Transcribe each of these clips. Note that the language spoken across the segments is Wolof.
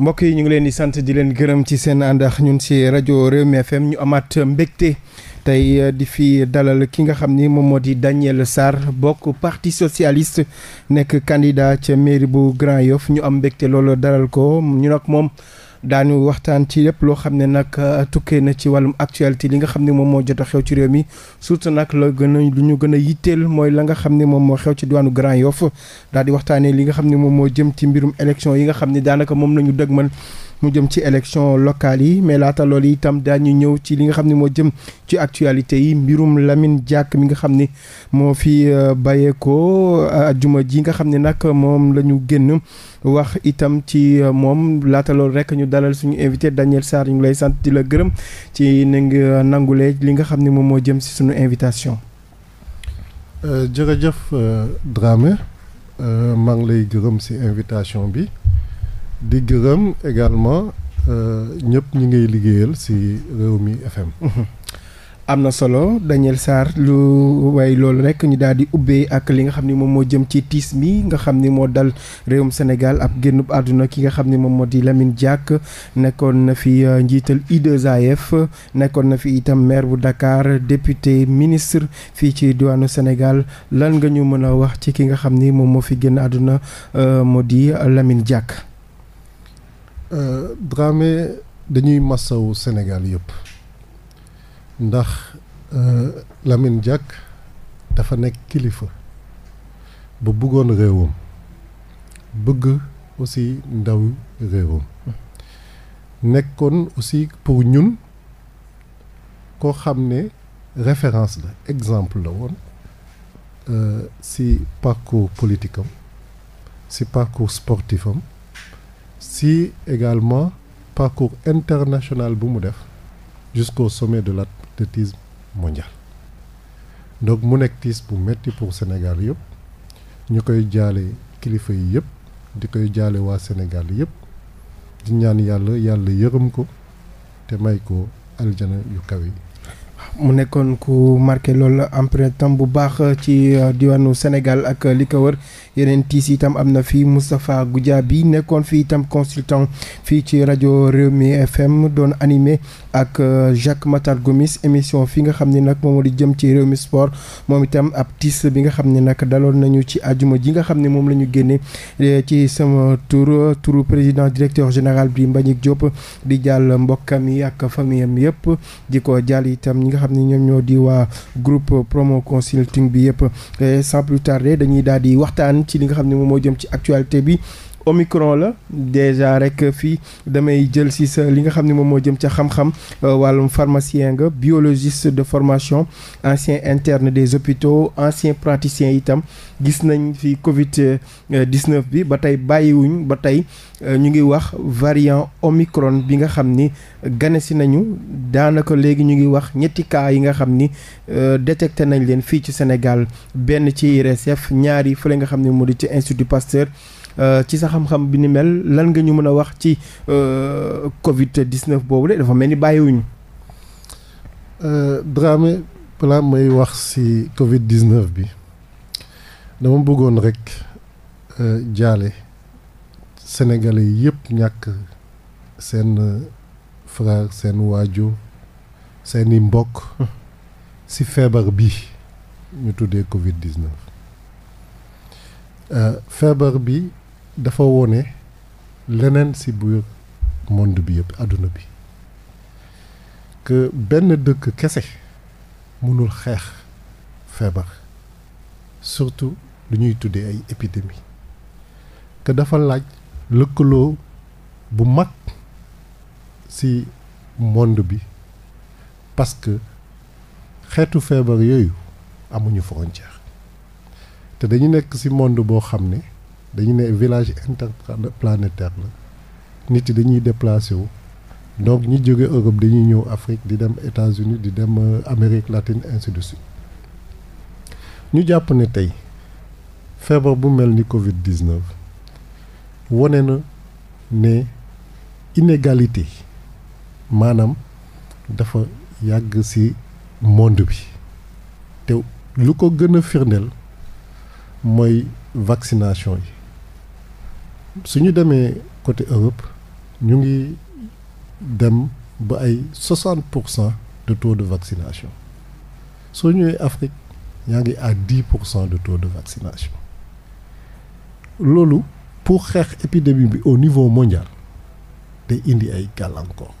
mbokk yi ñu ngi leen di sant di leen gërëm ci seen ànd ñun ci rajo Rewmi FM ñu amaat mbégte tey euh, di fi dalal ki nga xam ni moom moo di Daniel Sarr bokk parti socialiste nekk candidat ca mairie bu Grand Yoff ñu am mbégte loolu dalal ko ñu nag moom. daañu waxtaan ci yëpp loo xam ne nag euh, tukkee na ci wàllum actualité li nga xam ne moom moo jot a xew ci réew mi surtout nag la gën a lu ñu gën a yitteel mooy la nga xam ne moom moo xew ci diwaanu Grand Yoff daa di waxtaanee li nga xam ne moom moo jëm ci mbirum élection yi nga xam ne daanaka moom nañu ñu dëgmal mu jëm ci élection locale yi mais laata loolu itam daañu ñëw ci li nga xam ne moo jëm ci actualité yi mbirum Lamine Diack mi nga xam ni moo fi euh, bàyyeekoo euh, ajuma ji nga xam ne nag moom la ñu génn wax itam ci euh, moom laata loolu rek ñu dalal suñu invité Daniel Sarr ñu ngi lay sant di la gërëm ci ni nga nangulee li nga xam ni moom moo jëm si suñu invitation. jërëjëf Dramé maa ngi lay gërëm si invitation bi. di gërëm également euh, ñëpp ñi ngay liggéeyal ci Rewmi FM. am na solo Daniel Sarr lu waaye loolu rek ñu daal di ubbee ak li nga xam ni moom moo jëm ci tiis mi nga xam ni moo dal réewum Sénégal ab génnub àdduna ki nga xam ni moom moo di Lamine Diack nekkoon na fi euh, njiital I2AF nekkoon na fi itam maire bu Dakar député ministre fii ci diwaanu Sénégal lan nga ñu mën a wax ci ki nga xam ni moom moo fi génn àdduna euh, moo di Lamine Diack. Euh, Dramé dañuy massawu Sénégal yëpp ndax euh, Lamine Diack dafa nekk kilifa bu bëggoon réewam bëgg aussi ndaw réewam nekkoon aussi pour ñun koo xam ne référence la exemple la woon euh, si parcours politikam am si parcours sportif si également parcours international bu mu def jusqu'au sommet de l'athlétisme mondial donc mu nekk tiis bu metti pour Sénégal yëpp ñu koy jaale kilifa yi yëpp di koy jaale waa Sénégal yëpp di ñaan yàlla yàlla yërëm ko te may ko aljana yu kaw yi mu nekkoon ku marqué loolu empreinte tam bu baax ci euh, diwaanu Sénégal ak li ko wër yeneen tiis yitam am na fi Moustapha Goudiaby nekkoon fii itam consultant fii ci rajo mi FM doon animé ak euh, Jacques Matar Gomis émission fi nga xam ni nag moom di jëm ci Rewmi Sport moom itam ab tiis bi nga xam ni nag daloon nañu ci ajuma ji nga xam ne moom la ñu génne euh, ci sama tur turu président directeur général bi Mbagnick Diop di jàll mbokkam yi ak famille am yëpp di ko jàll xam ni ñoom ñoo di waa groupe promo consulting bi yëpp sans plus tarder dañuy daal di waxtaan ci li nga xam ne moom moo jëm ci actualité bi omicron la déjà rek fii damay jël si sa li nga xam ni moom moo jëm ca xam-xam euh, wàllum pharmacien nga biologiste de formation ancien interne des hôpitaux ancien praticien itam gis nañ fi Covid 19 euh, bi ba tey bàyyiwuñ ba tey euh, ñu ngi wax variant omicron bi nga xam ni gane nañu daanaka léegi ñu ngi wax ñetti cas yi nga xam ni détecté nañ leen fii ci Sénégal benn ci IRSF ñaari fële nga xam ne moo di ci Institut Pasteur. Euh, ci sa xam-xam bi ni mel lan nga ñu mën a wax ci euh, Covid 19 boobu de dafa mel ni bàyyiwuñu. Euh, drame balaa may wax si Covid 19 bi dama bëggoon rek jaale sénégalais yëpp ñàkk seen frère seen waajur seeni mbokk. si feebar bi ñu tuddee Covid 19. feebar bi dafa wone leneen si bu monde bi yëpp àdduna bi que benn dëkk kese mënul xeex feebar surtout lu ñuy tuddee ay épidémie que dafa laaj lëkkaloo bu mag si monde bi parce que xeetu feebar yooyu amuñu frontière te dañu nekk ci monde boo xam ne dañu ne village interplanétaire la nit yi dañuy déplacé wu donc ñi jóge Europe dañuy ñëw Afrique di dem États-Unis di dem euh, Amérique latine ainsi de ñu jàpp ne tey feebar bu mel ni Covid 19 wone na ne inégalité maanaam dafa yàgg ci monde bi te lu ko gën a firndeel mooy vaccination yi. su ñu demee côté Europe ñu ngi dem ba ay 60 pour cent de taux de vaccination soo ñëwee Afrique ñaa ngi à 10 pour cent de taux de vaccination loolu pour xeex épidémie bi au niveau mondial te indi ay gàllankoor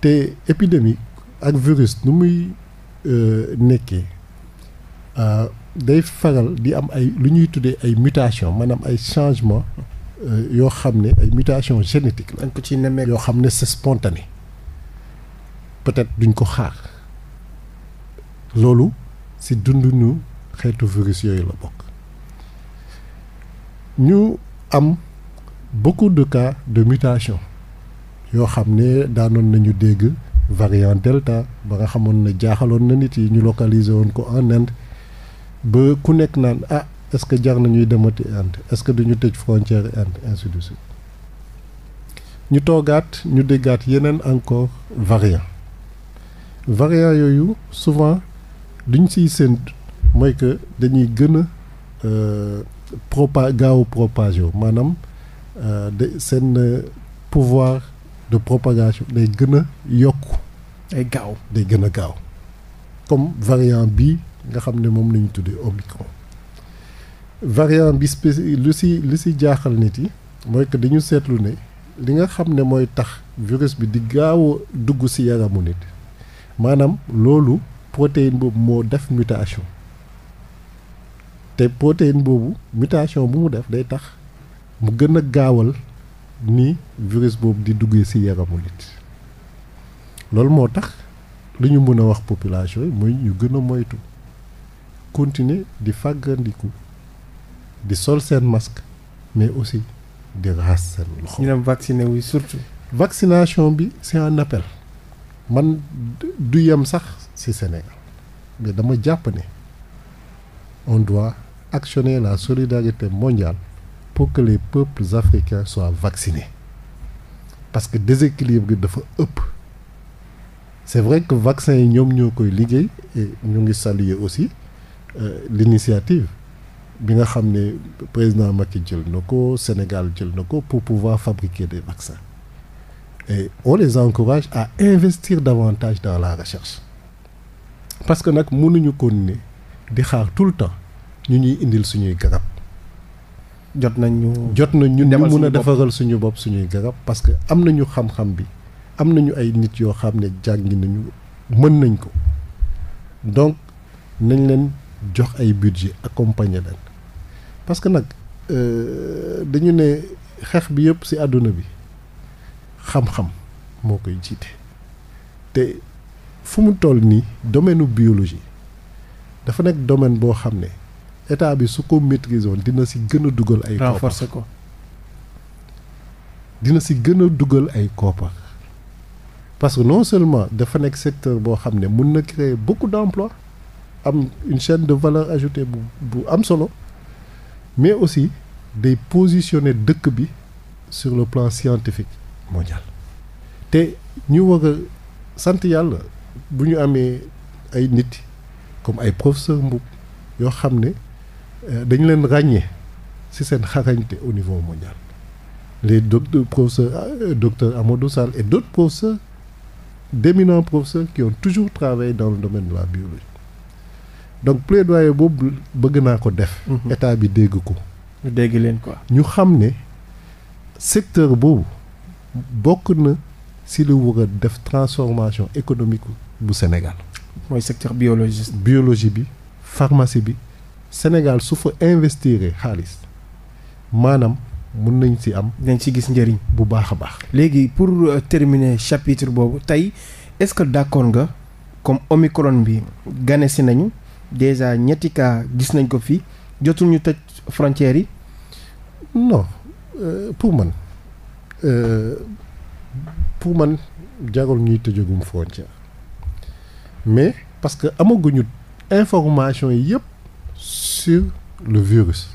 te épidémie ak virus nu muy euh, nekkee. Euh, day faral di am ay lu ñuy tuddee ay mutation maanaam ay changement euh, yoo xam ne ay mutation génétique la. ko ci nemmeeku yoo xam ne c'est spontané peut-être duñ ko xaar loolu si dunduñu xeetu virus yooyu la bokk ñu am beaucoup de cas de mutation yoo xam ne daanoon nañu dégg variant delta ba nga xamoon ne jaaxaloon na nit yi ñu localiser woon ko en Inde ba ku nekk naan ah est-ce que jar nañuy ñuy demati Inde est-ce que duñu tëj frontière Inde ainsi de suite ñu toogaat ñu déggaat yeneen encore variant variant yooyu souvent duñ siy séentu mooy que dañuy gën a euh, propa gaaw propagé maanaam euh, de seen euh, pouvoir de propagation day gën a yokk ay gaaw day gën a gaaw comme variant bii nga xam ne moom la tuddee omicron variant bi spéci lu si lu si jaaxal nit yi mooy que dañu seetlu ne li nga xam ne mooy tax virus bi di gaaw a dugg si yaramu nit maanaam loolu protéine boobu moo def mutation te protéine boobu mutation bu mu def day tax mu gën a gaawal ni virus boobu di duggee si yaramu nit loolu moo tax lu ñu mën a wax population yi mooy ñu gën a moytu continuer di fàggandiku di sol seen masque mais aussi di raxas seen loxo. ñu dem surtout. vaccination bi c'est un appel man du yem sax ci Sénégal mais dama jàpp ne on doit actionner la solidarité mondiale pour que les peuples africains soient vaccinés parce que déséquilibre bi dafa ëpp. c'est vrai que vaccin yi ñoom ñoo koy liggéey ñu ngi saluer aussi. Euh, l'initiative bi nga xam ne président ci jël na ko Sénégal jël na ko pour pouvoir fabriquer des vaccins et on les encourage à investir davantage dans la recherche parce que nag mënuñu continuer di xaar tout le temps ñu ñuy indil suñuy garab. jot nañ ñu jot nañ ñu mun a defaral suñu bopp suñuy garab parce que am nañu xam-xam bi am nañu ay nit yoo xam ne jàngi nañu mën nañ ko donc nañ leen. jox ay budget accompagner leen parce que nag euh, dañu ne xeex bi yëpp ci àdduna bi xam-xam moo koy jiite te fu mu toll nii domaine biologie dafa nekk domaine boo xam ne état bi su ko maîtriser woon dina si gën a dugal ay renforcer ko dina ci gën a dugal ay koppar parce que non seulement dafa nekk secteur boo xam ne mun na créer beaucoup d'emplois am une chaîne de valeur ajoutée bu bu am solo mais aussi day positionner dëkk bi sur le plan scientifique mondial te ñu war a sant yàlla bu ñu amee ay nit comme ay professeur mbub yoo xam ne euh, dañ leen ràññee ci seen xarañte au niveau mondial les docteurs professeurs euh, docteur Amadou Sall et d'autres professeurs d'éminents professeurs qui ont toujours travaillé dans le domaine de la biologie donc plaidoyer boobu bëgg naa ko def. Mhm. état bi dégg ko. ñu dégg leen quoi. ñu xam ne secteur boobu bokk na si lu war def transformation économique bu Sénégal. mooy secteur biologiste. biologie bi pharmacie bi Sénégal su fa investir xaalis maanaam. mën nañ ci am. dañ ci gis njëriñ. bu baax a baax. léegi pour euh, terminer chapitre boobu tey est-ce que d'accord nga comme Omicron bi gane si nañu déjà ñetti cas gis nañ ko fi jotul ñu tëj frontières yi. non euh, pour man euh, pour man jarul ñuy tëjagum frontière mais parce que amaguñu information yëpp sur le virus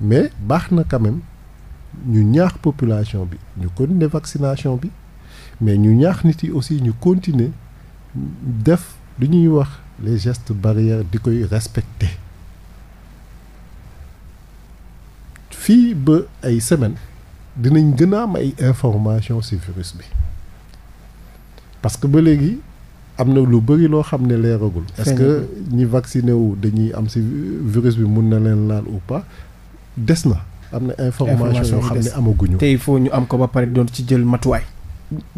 mais baax na quand ñu ñaax population bi ñu continuer vaccination bi mais ñu ñaax nit yi aussi ñu continuer def lu ñuy wax. les gestes barrières di koy respecter fii ba ay semaines dinañ gën a am ay information ci virus bi parce que ba léegi am na lu bëri loo xam ne leeragul. est-ce que ñi vacciné wu dañuy am ci virus bi mun na leen laal ou pas des na. am na information yoo xam ne amaguñu. te il faut ñu am ko ba pare di doon ci jël matuwaay.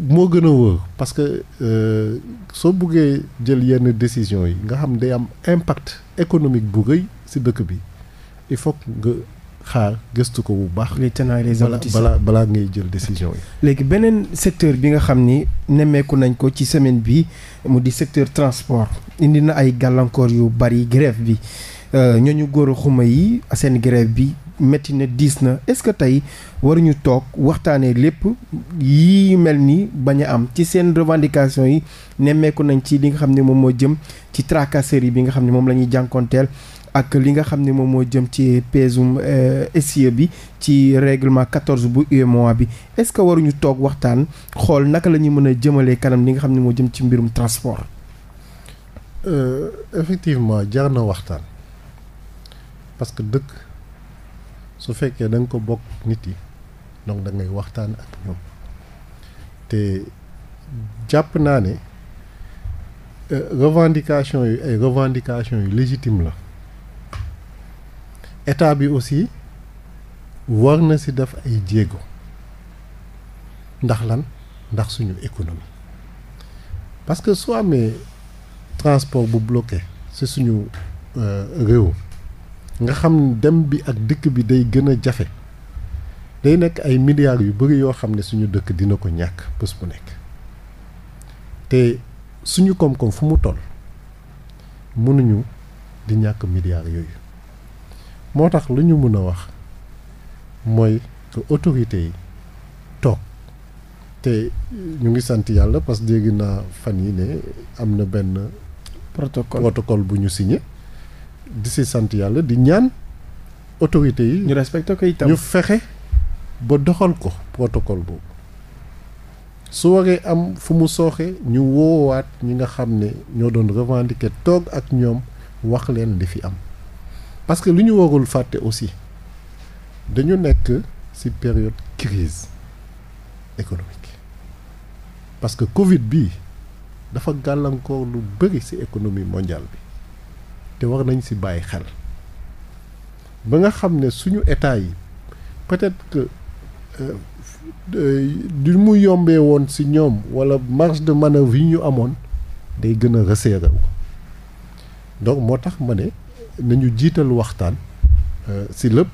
moo gën a wóor parce que euh, soo buggee jël yenn décision yi nga xam day am impact économique bu rëy si dëkk bi il faut nga xaar gëstu ko bu baax. les tenants et les balaa ngay jël décision yi. léegi beneen secteur bi nga xam ni nemmeeku nañ ko ci semaine bi mu di secteur transport indi na ay gàllankoor yu bari grève bi euh, ñooñu góor xuma yi seen grève bi. métti na diis na est-ce que tey waruñu toog waxtaanee lépp yi mel ni bañ a am ci seen revendication yi nemmeeku nañ ci li nga xam ne moom moo jëm ci tracasserie bi nga xam ne moom la ñuy jànkoonteel ak li nga xam ne moom moo jëm ci pesum euh, SIE bi ci règlement 14 bu UEMOA bi est-ce que waruñu toog waxtaan xool naka la ñuy mën a jëmalee kanam li nga xam ne moo jëm ci mbirum transport. Euh, effectivement jar na waxtaan parce que dëkk. su fekkee da ko bokk nit yi donc dangay waxtaan ak ñoom te jàpp naa ne euh, revendication yu ay revendication yu légitime la état bi aussi war na si def ay jéego ndax lan ndax suñu économie parce que soo amee transport bu bloqué si suñu euh, réew nga xam dem bi ak dikk bi day gën a jafe day nekk ay milliards yu bëri yoo xam ne suñu dëkk dina ko ñàkk bés bu nekk te suñu koom-koom fu mu toll mënuñu di ñàkk milliards yooyu moo tax lu ñu mën a wax mooy que autorités yi toog te ñu ngi sant yàlla parce que dégg naa fan yi ne am na benn protocole bu ñu signé di si sant yàlla di ñaan autorités yi. ñu respecté ko itam fexe ba doxal ko protocole boobu su waree am fu mu sooxee ñu woowaat ñi nga xam ne ñoo doon revendiquer toog ak ñoom wax leen li fi am parce que lu ñu warul fàtte aussi dañu nekk ci période crise économique parce que Covid bi dafa gàllankoor lu bëri ci économie mondiale bi. te war nañ si bàyyi xel ba nga xam ne suñu état yi peut-être que euh, euh, du mu yombee woon si ñoom wala marge de manœuvre yi ñu amoon day gën a resserré wu donc moo tax ma ne nañu jiital waxtaan si euh, lépp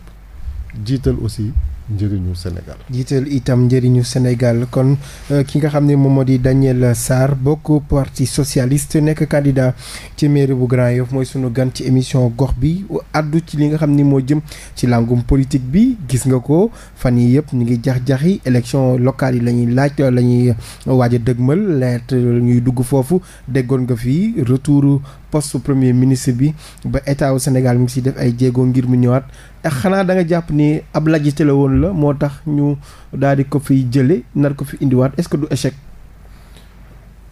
jiital aussi njëriñu Sénégal. jiital itam njëriñu Sénégal kon euh, ki nga xam ne moom moo di Daniel Sarr bokk parti socialiste nekk candidat ci mairie bu Grand Yoff mooy sunu gan ci émission gox bi addu ci li nga xam ni moo jëm ci langum politique bi gis nga ko fan yi yëpp ñu ngi jax jaxi élection locale yi la ñuy laaj la ñuy waaj a dëgmal laata ñuy dugg foofu déggoon nga fi retour post premier ministre bi ba état wu Sénégal mi ngi def ay jéego ngir mu ñëwaat. Eh, xanaa da nga jàpp ni ab lajjite la woon la moo tax ñu daal di ko fiy jële nar ko fi indiwaat est-ce que du échec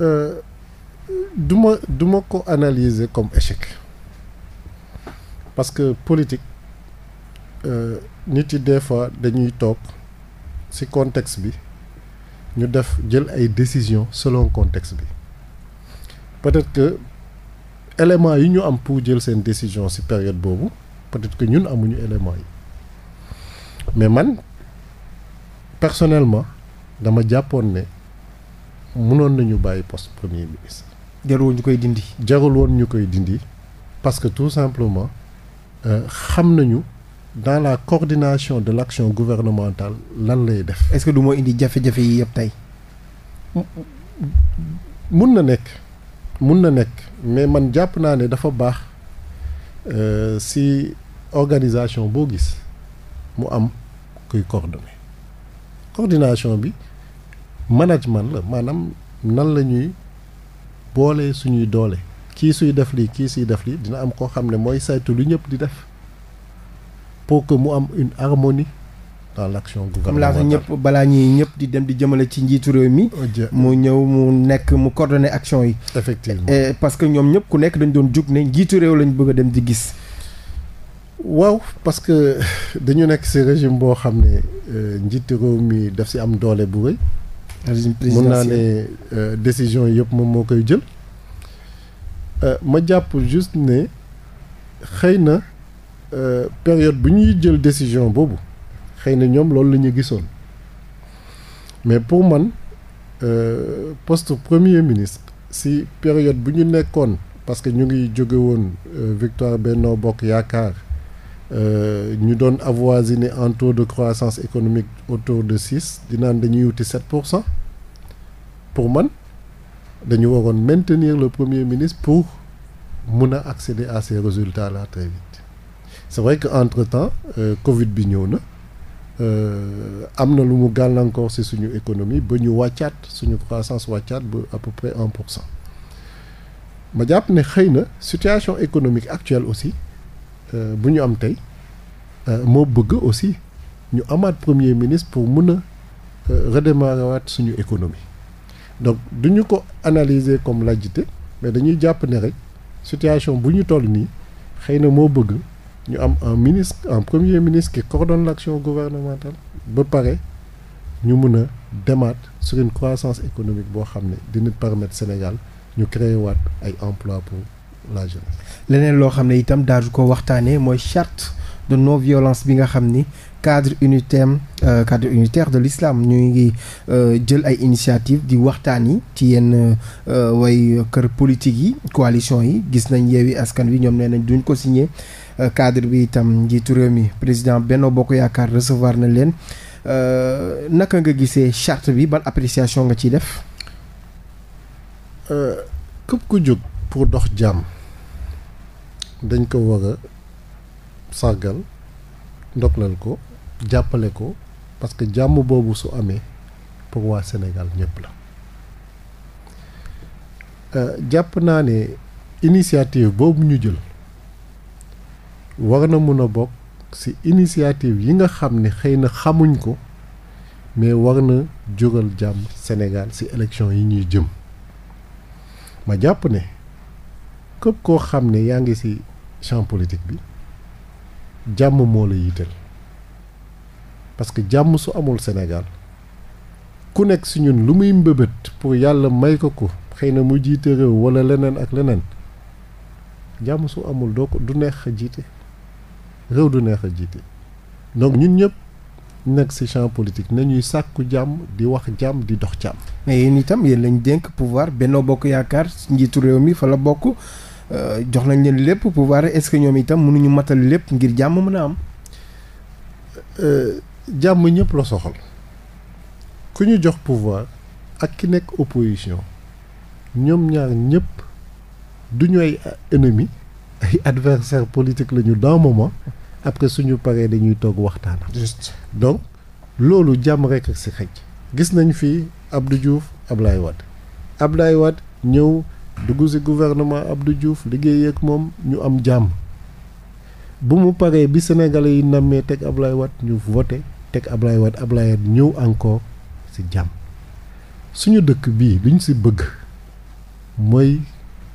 euh, duma duma ko analyser comme échec parce que politique euh, nit yi des fois dañuy toog ci contexte bi ñu def jël ay décisions selon contexte bi peut-être que éléments yi ñu am pour jël seen décision ci période boobu peut-être que ñun amuñu élément mais man personnellement dama jàppoon ne mënoon nañu bàyyi poste premier ministre. jarul ñu koy dindi. jarul ñu koy dindi parce que tout simplement euh, xam nañu dans la coordination de l'action gouvernementale lan lay def. est-ce que indi jafe-jafe yi yëpp tey. mun na nekk mun na nekk mais man jàpp naa ne dafa baax euh, si organisation boo gis mu am kuy coordonner coordination bi management la maanaam nan la ñuy boolee suñuy doole kii suy def lii kii suy def lii dina am koo xam ne mooy saytu lu ñëpp di def pour que mu am une harmonie dans am gouvernementale comme ñëpp balaa ñuy ñëpp di dem di jëmale ci njiitu réew mi. Oh, mu ñëw mu nekk mu coordonner action yi. effectivement eh, parce que ñoom ñëpp ku nekk dañ doon jug ne njiitu réew lañ bëgg a dem di gis. waaw parce que dañu nekk ci régime boo xam ne euh, njiitu réew mi daf ci am doole bu rëy. mun naa ne euh, décision yëpp moom moo koy jël. Euh, ma jàpp juste ne xëy na période bu ñuy jël décision boobu xëy na ñoom loolu la ñu gisoon mais pour man euh, poste premier ministre si période bu ñu nekkoon parce que ñu ngi jóge woon victoire bennoo Bokk Yaakaar. Euh, ñu doon avoisiner en taux de croissance économique autour de six di naan dañuy wuti sept pour cent pour man dañu waroon maintenir le premier ministre pour mun a accéder à ces résultats là très vite c'est vrai que entre temps euh, Covid bi ñëw na euh, am na lu mu gàllankoor ci suñu économie ba ñu wàccaat suñu croissance wàccaat ba à peu près un pour ma jàpp ne xëy na situation économique actuelle aussi. Euh, bu ñu am tey euh, moo bëgg aussi ñu amaat premier ministre pour mun a euh, redémarrer waat suñu économie donc du ñu ko analyser comme lajjite mais dañuy jàpp ne rek situation bu ñu toll nii xëy na moo bëgg ñu am un ministre un premier ministre qui coordonne l'action gouvernementale ba pare ñu mun a demaat sur une croissance économique boo xam ne dina permettre Sénégal ñu créer waat ay emploi pour la jeunesse leneen loo xam ne itam daal du ko waxtaanee mooy charte de non violence bi nga xam ni cadre unitaire euh, cadre unitaire de l'islam ñu ngi euh, jël ay initiative di waxtaan yi ci yenn euh, way kër politique yi coalition yi gis nañ Yewwi Askan Wi ñoom nee nañ duñ ko signé cadre bi itam njiitu réew mi président Benno Bokk Yaakaar recevoir na leen naka nga gisee charte bi ban appréciation nga ciy def képp ku jóg pour dox jàmm dañ ko war a sargal ndoklal ko jàppale ko parce que jàmm boobu su amee pour waa Sénégal ñëpp la euh, jàpp naa ne initiative boobu ñu jël war na mun a bokk ci initiative yi nga xam ne xëy na xamuñ ko mais war na jural jàmm Sénégal ci élection yi ñuy jëm ma jàpp ne képp koo xam ne yaa ngi ci champ politique bi jàmm moo la yitteel parce que jàmm su amul Sénégal ku nekk si ñun lu muy mbëbët pour yàlla may ko ko xëy na mu jiite réew wala leneen ak leneen jàmm su amul doo ko du neex a jiite réew du neex a jiite donc ñun ñëpp nekk si champ politique nañuy sàkku jàmm di wax jàmm di dox jàmm. mais yéen itam yéen lañ dénk pouvoir Benno Bokk Yaakaar njiitu réew mi fa la bokk. Euh, jox nañ leen lépp pouvoir est-ce que ñoom itam mënuñu matal lépp ngir jàmm mën a am. Euh, jàmm ñëpp la soxal ku ñu jox pouvoir ak ki nekk opposition ñoom ñaar ñëpp du ñu ay ennemi ay adversaire politique la ñu dans moment après suñu paree dañuy toog waxtaan. juste donc loolu jàmm rek ak si xëj. gis nañ fi Abdou Diouf Ablaye Wade Ablaye Wade ñëw dugg si gouvernement Abdou juuf liggéey ak moom ñu am jàmm bu mu paree bi Sénégalais yi nammee teg Ablaye Wade ñu voté teg Ablaye Wade Ablaye Wade ñëw encore si jàmm suñu dëkk bii luñ si bëgg mooy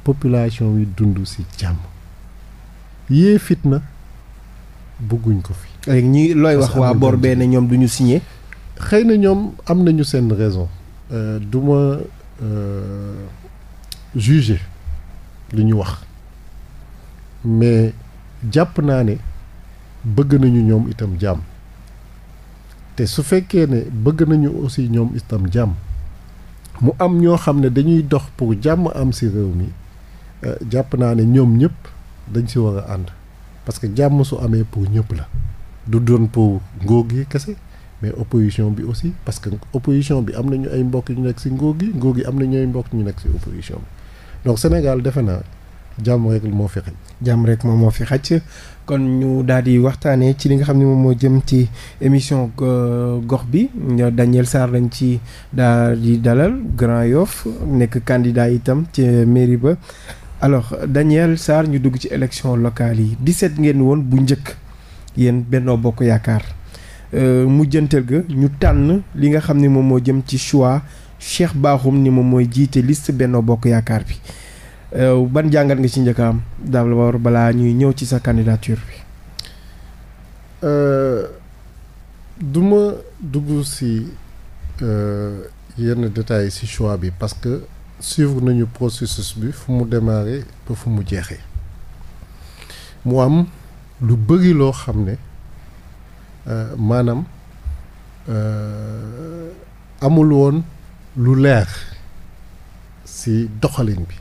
population wi dund si jàmm yee fitna bëgguñ ko fi. léegi ñi looy wax waa bor benn ñoom duñu ñu xëy na ñoom am nañu seen raison. Euh, du ma. Euh, juger li ñu wax mais jàpp naa ne bëgg nañu ñoom itam jàmm te su fekkee ne bëgg nañu aussi ñoom itam jàmm mu am ñoo xam ne dañuy dox pour jàmm am ci réew mi euh, jàpp naa ne ñoom ñëpp dañ ci war a ànd parce que jàmm su amee pour ñëpp la du doon pour ngóor gi kese mais opposition bi aussi parce que opposition bi am nañu ay mbokk ñu nekk ci nguur gi nguur gi am nañu ay mbokk ñu nekk ci opposition bi donc Sénégal defe naa jàmm rek moo fi xaj. jàmm rek moom moo fi xaj kon ñu daal di waxtaanee ci li nga xam ne moom moo jëm ci émission gox bi Daniel Sarr lañ ci daal di dalal Grand Yoff nekk kandidaa itam ci mairie ba alors danielle Sarr ñu dugg ci élection locale yi di 17 ngeen woon bu njëkk yéen Benno Bokk Yaakaar. Euh, mujjantal ga ñu tànn li nga xam ne moom moo jëm ci choix Cheikh baaxum ni moom mooy jiite liste benn Bokk Yaakaar bi euh, ban jàngat nga ci njëkk am d'abord balaa ñuy ñëw ci sa candidature bi. Euh, duma ma dugg si yenn détails si choix bi parce que suivre nañu processus bi fu mu démarré ba fu mu jeexee mu am lu bëri loo xam ne. Euh, maanaam euh, amul woon lu leer ci doxalin bi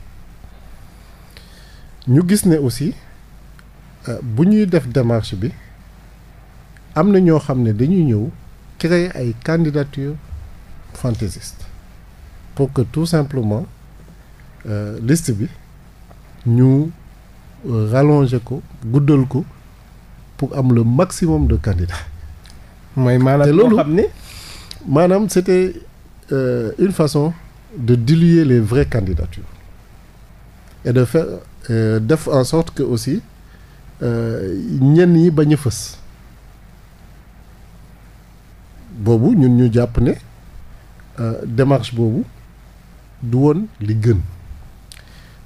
ñu gis ne aussi euh, bu ñuy def démarche bi am na ñoo xam ne dañuy ñëw créer ay candidature fantaisiste pour que tout simplement euh, bi ñu rallonger ko guddal ko pour am le maximum de candidats mooy maanaam loolu xam ne maanaam c'était euh, une façon de diluer les vraies candidatures et de faire euh, def en sorte que aussi euh, ñenn yi bañ a boobu ñun ñu jàpp ne euh, démarche boobu du woon li gën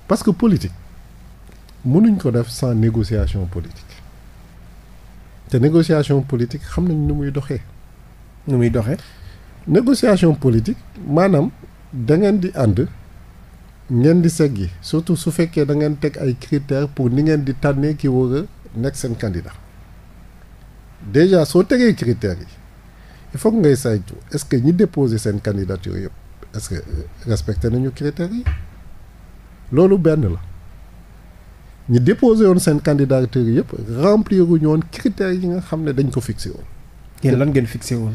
parce que politique mënuñ ko def sans négociation politique te négociation politique xam nañ nu muy doxee. nu muy doxe négociation politique maanaam da ngeen di ànd ngeen di seggi surtout su fekkee da ngeen teg ay critères pour ni ngeen di tànnee ki war a nekk seen candidat déjà soo tegee critères yi il faut ngay saytu est-ce que ñi déposer seen candidature yëpp est-ce que respecté nañu critères yi loolu benn la. ñu déposé woon seen candidature yëpp remplir wu ñu critères yi nga xam ne dañ ko fixé woon. yéen lan ngeen fixé woon.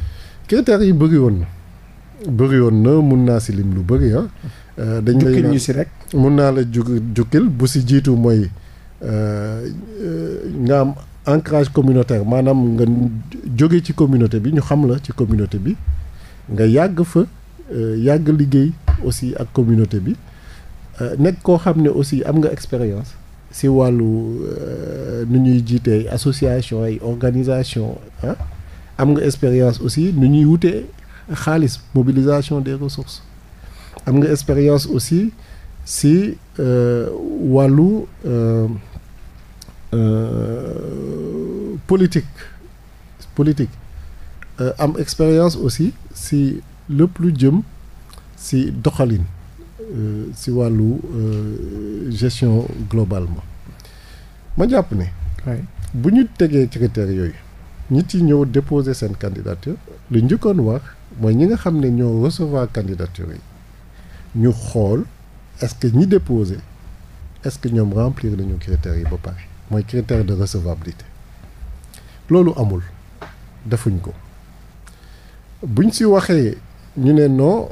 critères yi bëri woon na. bëri woon na mun naa si lim lu bëri ah. Euh, dañ lay rek. mun naa la ju jukkil bu si jiitu mooy euh, euh, nga am encrage communautaire maanaam nga jóge ci communauté bi ñu xam la ci communauté bi nga yàgg fa yàgg liggéey aussi ak communauté bi nekk koo xam ne aussi am nga expérience. si wàllu euh, nu ñuy jiitee association ay organisation am nga expérience aussi nu ñuy wutee xaalis mobilisation des ressources am nga expérience aussi si euh, wàllu euh, politique politique am expérience aussi si lépp lu jëm si doxalin Euh, si wàllu euh, gestion globalement ma jàpp ne. bu ñu tegee ci critères yooyu. ñi ci ñëw déposer seen candidature. lu njëkkoon wax mooy ñi nga xam ne ñoo recevoir candidature yi ñu xool est-ce que ñi déposer est-ce que ñoom remplir nañu critères yi ba pare mooy critère de recevabilité loolu amul defuñ ko buñ si waxee ñu ne non.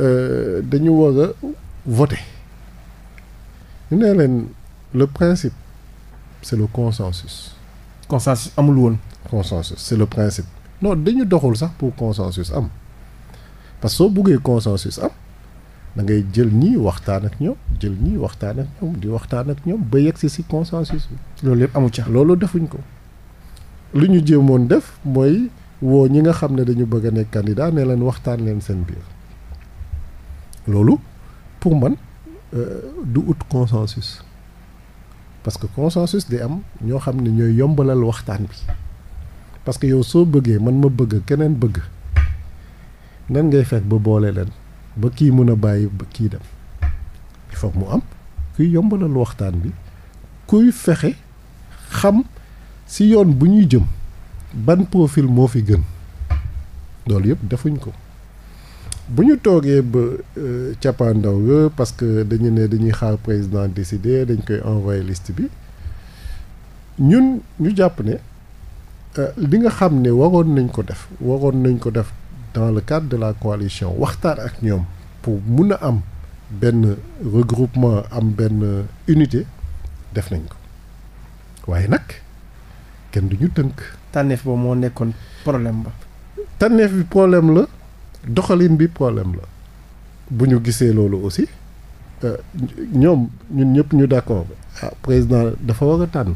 Euh, dañu war a ñu ne leen le principe c'est le consensus. consensus amul woon. consensus c'est le principe. non dañu doxul sax pour consensus am parce que soo buggee consensus am da ngay jël ñii waxtaan ak ñoom jël ñii waxtaan ak ñoom di waxtaan ak ñoom ba yegg si si consensus bi. loolu yëpp amu ca. loolu defuñ ko lu ñu jéemoon def mooy woo ñi nga xam ne dañu bëgg a nekk candidat ne leen waxtaan leen seen biir. loolu pour man euh, du ut consensus parce que consensus di am ñoo xam ne ñooy yombalal waxtaan bi parce que yow soo bëggee man ma bëgg keneen bëgg nan ngay fekk ba boole leen ba kii mën a bàyyi ba kii dem il faut mu am kuy yombalal waxtaan bi kuy fexe xam si yoon bu ñuy jëm ban profil moo fi gën loolu yëpp defuñ ko bu ñu toogee ba euh, cappaandaw ga parce que dañu ne dañuy xaar président décider dañ koy envoyé liste bi ñun ñu jàpp ne euh, li nga xam ne waroon nañ ko def waroon nañ ko def dans le cadre de la coalition waxtaan ak ñoom pour mun a am benn regroupement am benn unité def nañ ko waaye nag kenn du ñu tënk. tànneef ba moo nekkoon problème ba. tànneef bi problème la. doxalin bi problème la bu ñu gisee loolu aussi euh, ñoom ñun ñëpp ñu d'accord ah président dafa war a tànn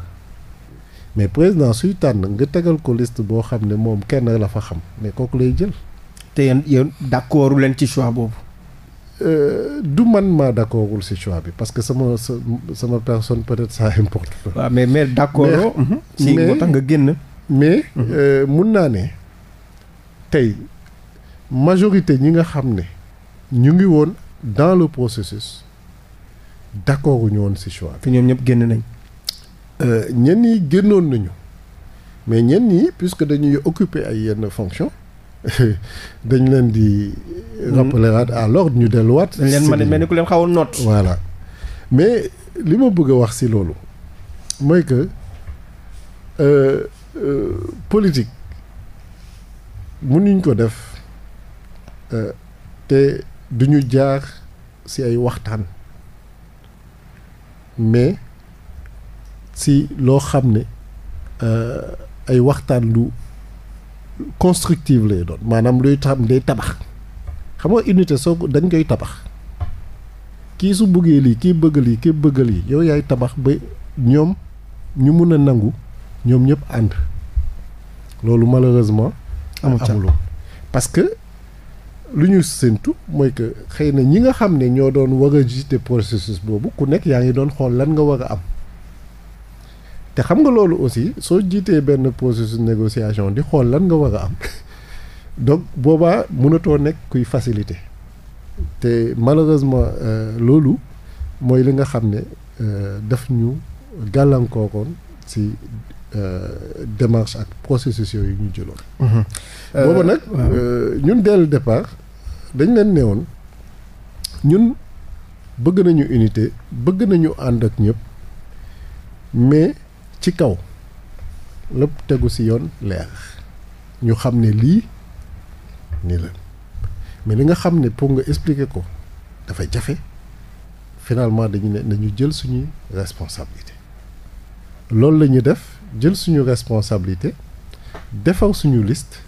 mais président suy tànn nga tegal ko liste boo xam ne moom kenn la fa xam mais kooku lay jël. te yéen yéen d'accordu leen ci choix boobu. Euh, du man maa d'accordul ci choix bi parce que sama sa sama personne peut-être ça importe. waaw mais mais d'accord. si moo tax nga génn. mais mhm. euh, mun naa ne tey majorité ñi nga xam ne ñu ngi woon dans le processus d'accord ñu woon si choix bi. ñoom ñëpp génn nañ. Euh, ñenn ñi génnoon nañu mais ñenn ñi puisque dañuy occuper ay yenn fonction dañ leen di. Mm-hmm. rappeler waat à l'ordre ñu delluwaat. dañ leen mën mel ni ku leen xaw a noot. voilà mais li ma bëgg wax ci loolu mooy que euh, euh, politique mënuñ ko def. Euh, te du ñu jaar ci ay waxtaan mais si loo xam ne euh, ay waxtaan lu constructive lay doon maanaam luy tam day tabax xam nga unité soo ko dañ koy tabax kii su bëggee lii kii bëgg lii kii bëgg lii yow yaay tabax ba ñoom ñu mun a nangu ñoom ñëpp ànd loolu malheureusement amul parce lu ñu séntu mooy que xëy na ñi nga xam ne ñoo doon war a jiite processus boobu ku nekk yaa ngi doon xool lan nga war a am te xam nga loolu aussi soo jiitee benn processus négociation di xool lan nga war a am donc boobaa mënatoo nekk kuy facilité te malheureusement euh, loolu mooy li nga xam ne euh, daf ñu gàllankookoon si Euh, démarche ak processus yu ñu jëloon. Mhm. Euh, boobu nag euh, ñun dès le dañ leen ne ñun bëgg nañu unité bëgg nañu ànd ak ñëpp mais ci kaw lépp tegu si yoon leer ñu xam ne lii nii la mais li nga xam ne pour nga expliquer ko dafa jafe finalement dañu ne nañu jël suñuy responsabilité loolu la ñuy def. jël suñu responsabilité defar suñu liste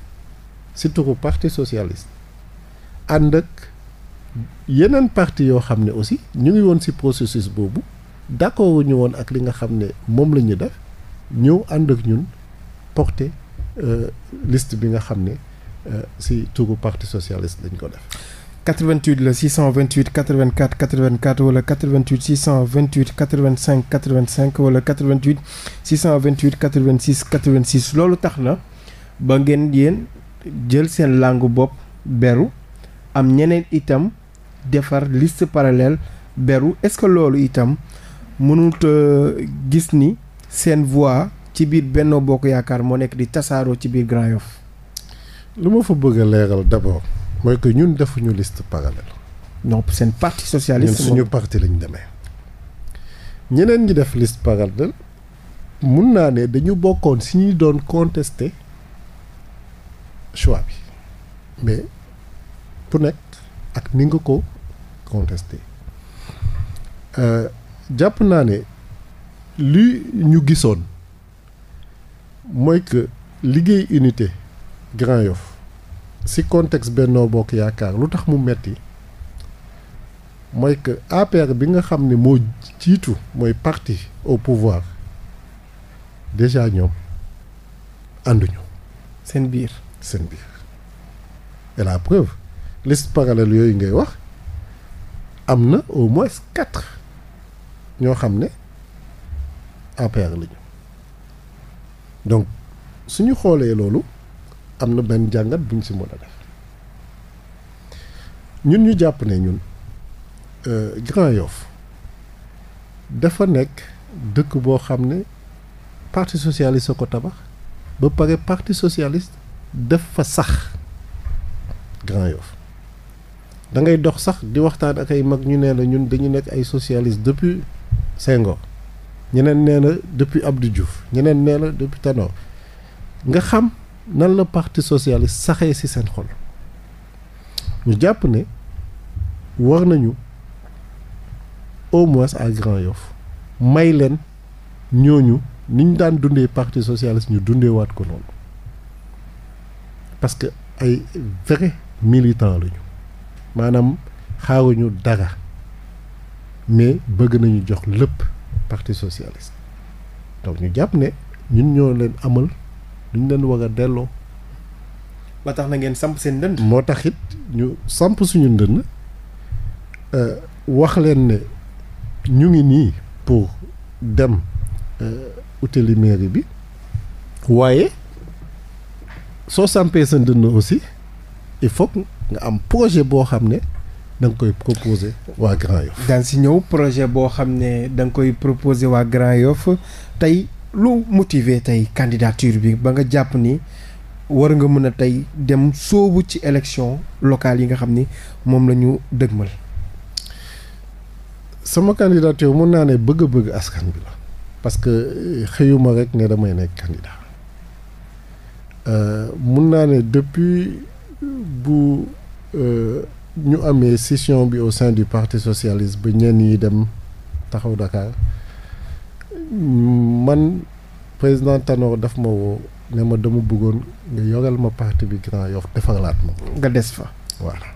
si turu parti socialiste ànd ak yeneen parti yoo xam ne aussi ñu ngi woon si processus boobu d'accord ñu woon ak li nga xam ne moom la ñu def ñëw ànd ak ñun porter euh, liste bi nga xam ne si euh, turu parti socialiste lañ ko def 88 la 628 84 84 wala 88 628 85 85 wala 88 628 86 86 loolu tax na ba ngeen yéen jël seen làngu bopp beru am ñeneen itam defar liste parallèle beru est-ce loolu itam mënut gis ni seen voix ci biir Benno Bokk Yaakaar moo nekk di tasaaroo ci biir Grand lu ma fa bëgg a leeral d'abord. mooy que ñun defuñu list parallèle. donc seen parti socialiste. ñun suñu parti lañ demee. ñeneen ñi def liste parallèle mun naa ne dañu bokkoon si ñuy doon contester choix bi mais punek ak ni nga ko contester euh, jàpp naa ne li ñu gisoon mooy que liggéey unité Grand yof si contexte bennoo Bokk Yaakaar lu tax mu metti mooy que APR bi nga xam ne moo jiitu mooy parti au pouvoir déjà ñoom ànduñu. seen biir seen biir. et la preuve liste parallèle yooyu ngay wax am na au moins quatre ñoo xam ne APR lañu donc suñu xoolee loolu. am na benn jàngat buñ si mën a def ñun ñu jàpp ne ñun euh, Grand Yoff dafa nekk dëkk boo xam ne partie socialiste a ko tabax ba pare partie socialiste def fa sax Grand Yoff da ngay dox sax di waxtaan ak ay mag ñu nee na ñun dañu nekk ay socialiste depuis Senghor ñeneen nee na depuis abdu Diouf ñeneen nee na depuis Tanor nga xam nan la partie socialiste saxee ci seen xol ñu jàpp ne war nañu au moins à Grand Yoff may leen ñooñu ni ñu daan dundee partie socialiste ñu dundee waat ko noonu parce que ay vrai militant ñu maanaam ñu dara mais bëgg nañu jox lépp partie socialiste donc ñu jàpp ne ñun ñoo leen amal. luñ leen war a delloo. ba tax na ngeen samp seen ndënd. moo tax it ñu samp suñu ndënd euh, wax leen ne ñu ngi nii pour dem utali euh, mairie bi waaye soo sampee seen ndënd aussi il faut nga am projet boo xam ne danga koy proposer waa Grand Yoff. daan si ñëw projet boo xam ne da nga koy proposer waa Grand Yoff tey lu motiver tey candidature bi ba nga jàpp ni war nga mën a tey dem sóobu ci élection locale yi nga xam ni moom la ñu dëgmal. sama candidature mun naa ne bëgg-bëgg askan bi la parce que euh, xëyuma rek ne damay nekk candidat euh, mun naa ne depuis bu euh, ñu amee session bi au sein du parti socialiste ba ñenn yi dem taxaw Dakar. man président Tanor daf ma woo ne ma dama bëggoon nga yogal ma parti bi Grand Yoff defaraat ma nga des fa voilà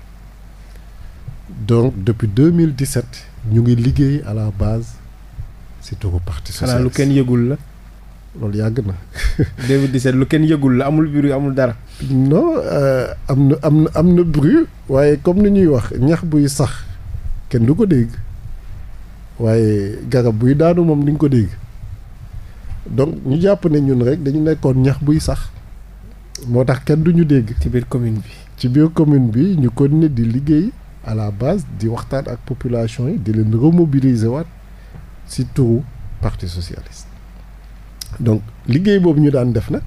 donc depuis 2017 ñu ngi liggéey à la base surtout au parti socialiste xanaa lu kenn yëgul la loolu yàgg na 2017 lu kenn yëgul la amul bruit amul dara non euh, am na am na am waaye comme ni ñuy wax ñax buy sax kenn du ko dégg waaye garab buy daanu moom di ko dégg donc ñu jàpp ne ñun rek dañu nekkoon ñax buy sax moo tax kenn du ñu dégg. ci biir commune bi. ci biir commune bi ñu ko ne di liggéey à la base di waxtaan ak population yi di leen remobiliser waat si parti socialiste. donc liggéey boobu ñu daan def nag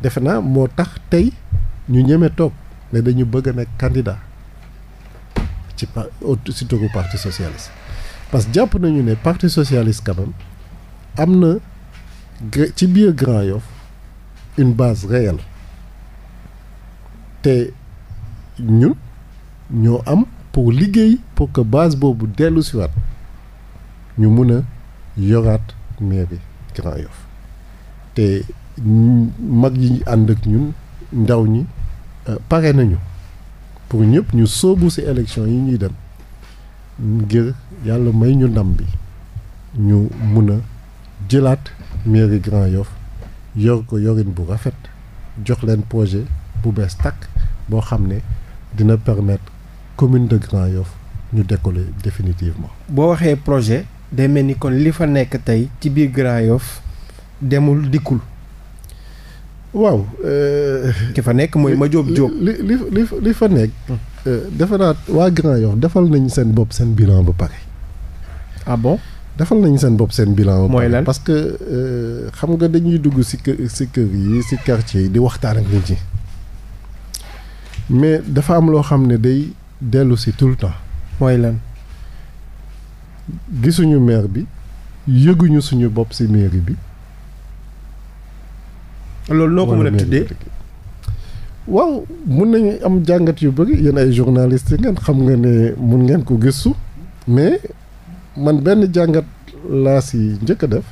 defe naa moo tax tey ñu ñeme toog ne dañu bëgg a nekk candidat ci par ci turu parti socialiste. parce que jàpp nañu ne parti socialiste quand am na ci biir Grand Yoff une base réelle te ñun ñoo am pour liggéey pour que base boobu dellu si waat ñu mun a yoraat mairie Grand Yoff te mag yi ànd ak ñun ndaw ñi euh, pare nañu pour ñëpp ñu soobu si élection yi ñuy dem ngir yàlla may ñu ndam bi ñu mun a jëlaat mairie Grand Yoff yor ko yorin bu rafet jox leen projet bu bees tàkk boo xam ne dina permettre commune de Grand Yoff ñu décoller définitivement. boo waxee projet. day mel ni kon li fa nekk tey ci biir Grand Yoff demul dikkul. waaw. Euh, ki fa nekk mooy Madiop Diop. li li li li fa nekk. Hmm. Euh, defe naa waa Grand Yoff defal nañu seen bopp seen bilan ba pare. ah bon. defal nañ seen bopp seen bilan. mooy lan parce que euh, xam nga dañuy dugg si kër si kër yi si quartier yi di waxtaan ak nit ñi mais dafa am loo xam ne day dellu si tout le temps. mooy lan. gisuñu maire bi yëguñu suñu bopp si mairie bi. loolu noo ko mën a tuddee. waaw mun nañu am jàngat yu bëri yéen ay journaliste ngeen xam nga ne mun ngeen ko gëstu mais man benn jàngat laa si njëkk a def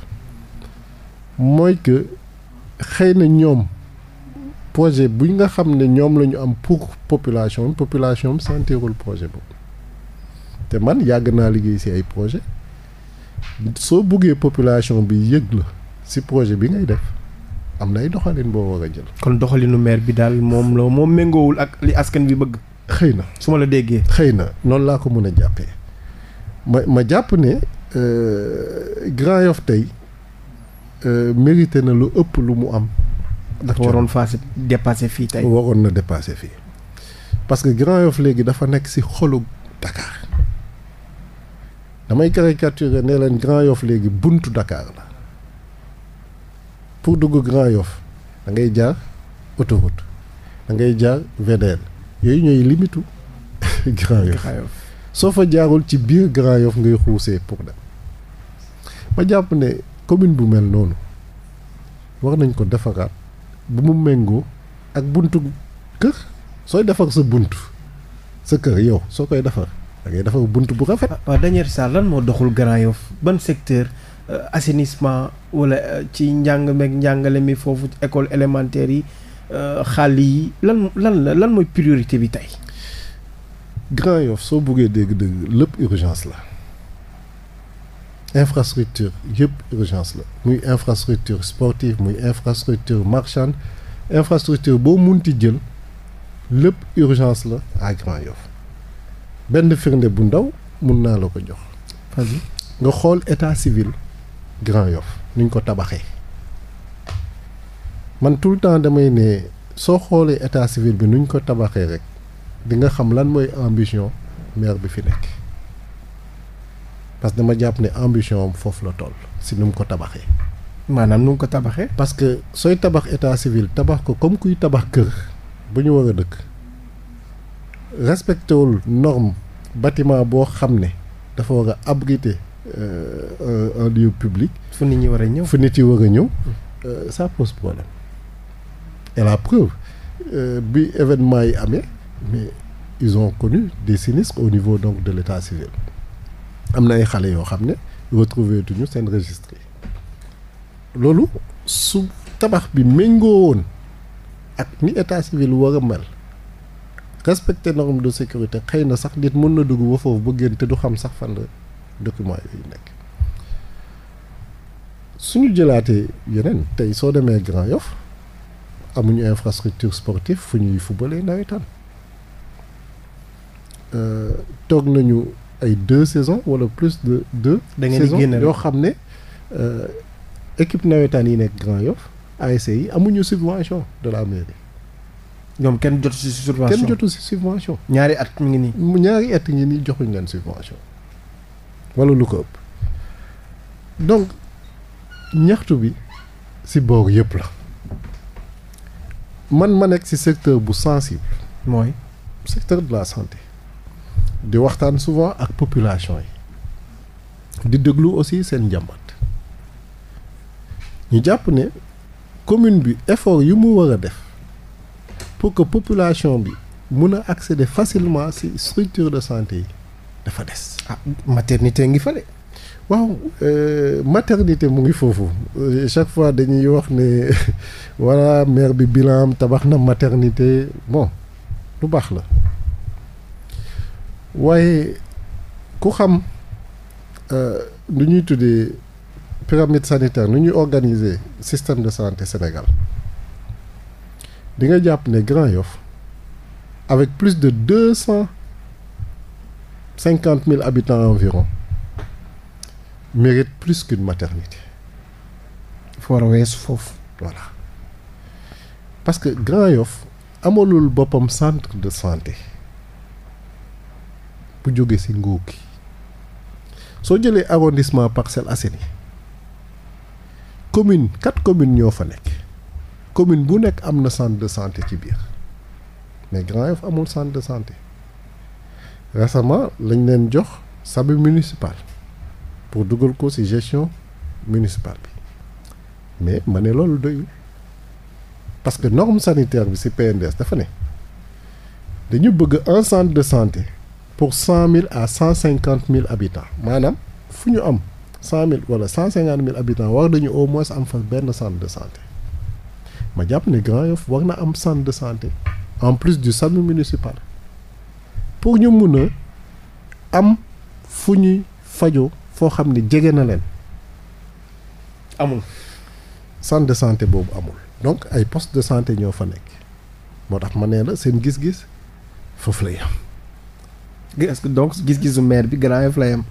mooy que xëy na ñoom projet bu nga xam ne ñoom la ñu am pour population population sentirul projet boobu te man yàgg naa liggéey si ay projet soo buggee population bi yëg la si projet bi ngay def. am na ay doxalin boo war a jël. kon doxalinu maire bi daal moom la moom méngoowul ak li askan bi bëgg. xëy na su ma la déggee. xëy na noonu laa ko mën a jàppee ma ma jàpp ne euh, Grand Yoff tey euh, mérité na lu ëpp lu mu am. dafa waroon fas dépassé fii tey. waroon na dépassé fii parce que Grand Yoff léegi dafa nekk ci xolu Dakar damay caricaturer ne leen Grand Yoff léegi buntu dakaar la. pour dugg Grand Yoff da ngay jaar otowot da ngay jaar VDN yooyu ñooy limitu Grand Yoff soo fa jaarul ci biir Grand Yoff ngay xuusee pour dem ma jàpp ne commune bu mel noonu wax nañ ko defaraat bu mu méngoo ak buntu kër sooy defar sa bunt sa kër yow soo koy defar da ngay defar bunt bu rafet. waaw dañuy lan moo doxul Grand Yoff ban secteur. Euh, assainissement wala euh, ci njàng njàngale mi foofu école élémentaire yi euh, xàll yi lan lan la lan mooy priorité bi tey. Grand Yoff soo buggee dégg-dégg lépp urgence la. infrastructure yëpp urgence la muy infrastructure sportive muy infrastructure marchande infrastructure boo munti jël lépp urgence la à Grand Yoff benn firnde bu ndaw mun naa la ko jox. nga xool état civil Grand Yoff nuñ ko tabaxee man tout le temps damay ne soo xoolee état civil bi nuñ ko tabaxee rek di nga xam lan mooy ambition maire bi fi nekk parce que dama jàpp ne ambition am foofu la tool si nu mu ko tabaxee. maanaam nu ko tabaxee. parce que sooy tabax état civil tabax ko comme kuy tabax kër bu ñu war dëkk respecté wul norme batiment boo xam ne dafa war a Euh, un lieu public. fu nit ñi war ñëw fu nit yi war a ñëw. Hmm. Euh, ça pose problème et la preuve euh, bi événement yi amee mais ils ont connu des sinistres au niveau donc de l'état civil am na ay xale yoo xam ne retrouvé tuñu seen registre loolu su tabax bi méngoo woon ak ni état civil war a mel respecter norme de sécurité xëy na sax nit mën na dugg ba foofu ba génn te du xam sax fan la. document yooyu nekk suñu jëlaatee yeneen tey soo demee Grand Yoff amuñu infrastructure sportif fu ñuy fubalee nawetaan euh, toog nañu ay deux saisons wala plus de deux saisons yoo xam ne euh, équipe nawetaan yi nekk Grand Yoff ASC yi amuñu subvention de la mairie ñoom kenn jotu si subvention kenn jotu si subvention ñaari at mi ngi nii ñaari at ngi joxuñ leen subvention wala lu ko ëpp donc ñaxtu bi ci boor yëpp la man ma nekk ci secteur bu sensible mooy secteur de la santé di waxtaan souvent ak population yi di déglu aussi seen njàmbat ñu jàpp ne commune bi effort yi mu war a def pour que population bi mun a accéder facilement ci structure de santé yi dafa des. ah maternité ngi fële. waaw euh, maternité mu ngi foofu euh, chaque fois dañuy wax ne voilà mère bi bilan am tabax na maternité bon lu baax la waaye ku xam euh, nu ñuy tuddee pyramide sanitaire nu ñuy organiser système de santé Sénégal di nga jàpp ne Grand Yoff avec plus de deux cents cinquante mille habitants environ mérite plus qu'une maternité. dafa war a weesu foofu. voilà parce que Grand Yoff amalul boppam centre de santé bu jógee ci nguur gi soo jëlee arrondissement Parcelles Assainies commune quatre communes ñoo fa nekk commune bu nekk am na centre de santé ci biir mais Grand Yoff amul centre de santé. récemment lañ leen jox sabu municipal pour dugal ko ci gestion municipale bi mais ma ne loolu doyul parce que norme sanitaire bi ci PNDS dafa ne dañu bëgg un centre de santé pour cent mille à cent cinquante mille habitants maanaam fu ñu am cent wala cent cinquante mille habitants war dañu au moins am fa benn centre de santé ma jàpp ne Grand Yoff war na am centre de santé en plus du SAMU municipal pour ñu mun a am fu ñuy fajoo foo xam ne jege na leen. amul. centre de santé boobu amul donc ay poste de santé ñoo fa nekk moo tax ma nee la seen gis-gis foofu lay am. que donc gis-gisu maire bi Grand Yoff lay am.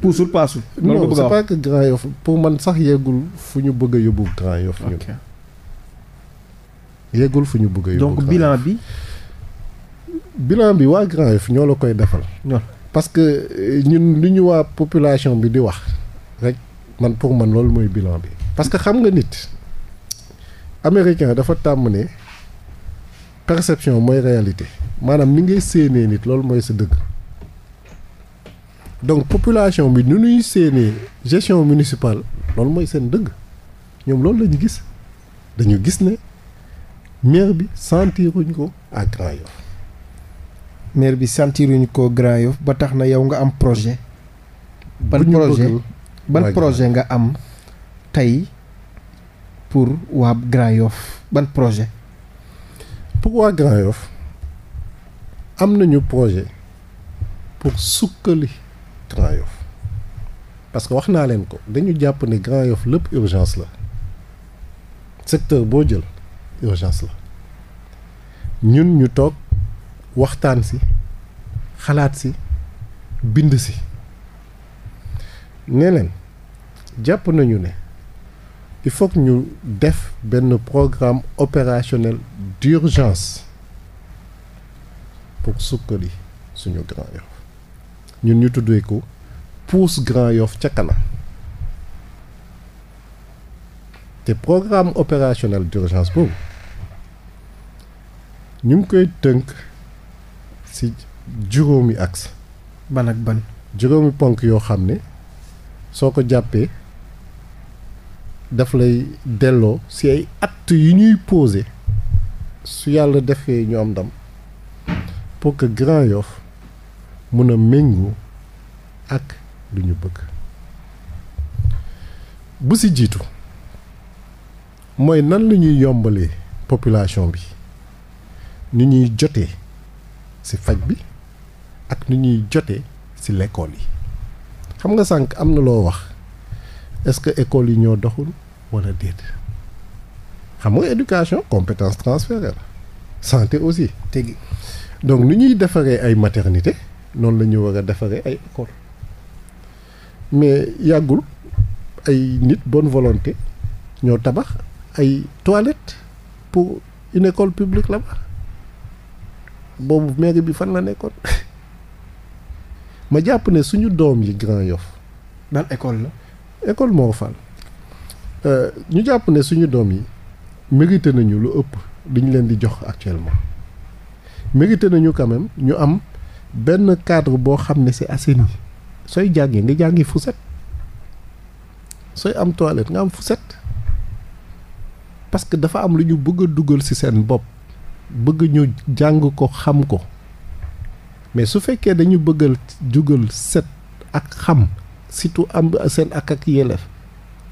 puusul paasul. non c'est pour man sax yeggul fu ñu bëgg a yóbbu Grand Yoff ñun. yeggul fu ñu bëgg yóbbu. donc bilan bi. bilan bi waa Grand Yoff ñoo la koy defal. parce que euh, ñun lu ñu waa population bi di wax rek man pour man loolu mooy bilan bi. parce que xam nga nit américain dafa tàmm ne perception mooy réalité maanaam ni ngay séenee nit loolu mooy sa dëgg. donc population bi nu ñuy séenee gestion municipale loolu mooy seen dëgg ñoom loolu la ñu gis dañu gis ne maire bi sentiruñ ko à Grand Yoff maire bi sentiruñu ko Grand Yoff ba tax na yow nga am projet. ban projet ban projet nga am tey pour waa Grand Yoff ban projet. pour waa Grand Yoff am nañu projet pour sukkali Grand Yoff parce que wax naa leen ko dañu jàpp ne Grand Yoff lépp urgence la secteur boo jël urgence la ñun ñu toog. waxtaan si xalaat si bind si nee leen jàpp nañu ne il faut ñu def benn programme opérationnel d'urgence pour sukkali suñu Grand Yoff ñun ñu tuddee ko pousse Grand Yoff ca kanam te programme opérationnel d'urgence boobu ñu ngi koy tënk si juróomi axe ban juróomi ponk yoo xam ne soo ko jàppee daf lay delloo si ay actes yu ñuy posé su yàlla defee ñu am ndam pour que Grand Yoff mun a méngoo ak lu ñu bëgg bu si jiitu mooy nan la ñuy yombalee population bi ni ñuy jotee si faj bi ak nu ñuy jotee si lekkool yi xam nga sànq am na loo wax est-ce que école yi ñoo doxul wala déet xam nga éducation compétence transférée la santé aussi tegi donc nu ñuy defaree ay maternité noonu la ñu war a defaree ay école mais yàggul ay nit bonne volonté ñoo tabax ay toilettes pour une école publique là-bas boobu maire bi fan la nekkoon ma jàpp ne suñu doom yi Grand Yoff ban école la école Mor Fall euh, ñu jàpp ne suñu doom yi mérité nañu lu ëpp li ñu leen di jox actuellement mérité nañu quand même ñu am benn cadre boo xam ne si c'est yi sooy jàngee nga jàngi fu set sooy am toilette nga am fu set parce que dafa am lu ñu bëgg a dugal ci seen bopp bëgg ñu jàng ko xam ko mais su fekkee dañu bëggal jugal set ak xam surtout am seen ak ak yelef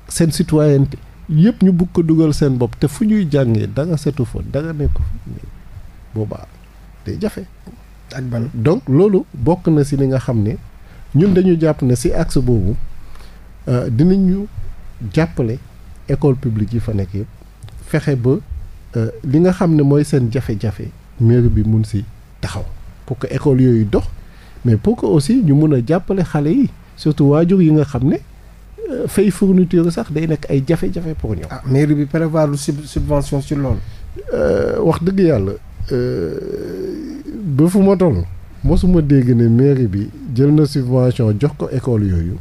seen citoyenneté yëpp ñu bugg ko dugal seen bopp te fu ñuy jàngee da nga setu fa da nga nekk boobaa day jafe. ak ban donc loolu bokk na si li nga xam ne ñun dañu jàpp ne si axe boobu euh, ñu jàppale école publique yi fa nekk yëpp fexe ba. Euh, li nga xam ne mooy seen jafe-jafe mairie bi mun si taxaw pour que école yooyu dox mais pour ko aussi ñu mun a jàppale xale yi surtout waajur yi nga xam ne euh, fay fourniture sax day nekk ay jafe-jafe pour ñoom. ah mairie bi prévoir lu subvention ci loolu. Euh, wax dëgg yàlla ba fu toll mosuma dégg ne mairie bi jël na subvention jox ko école yooyu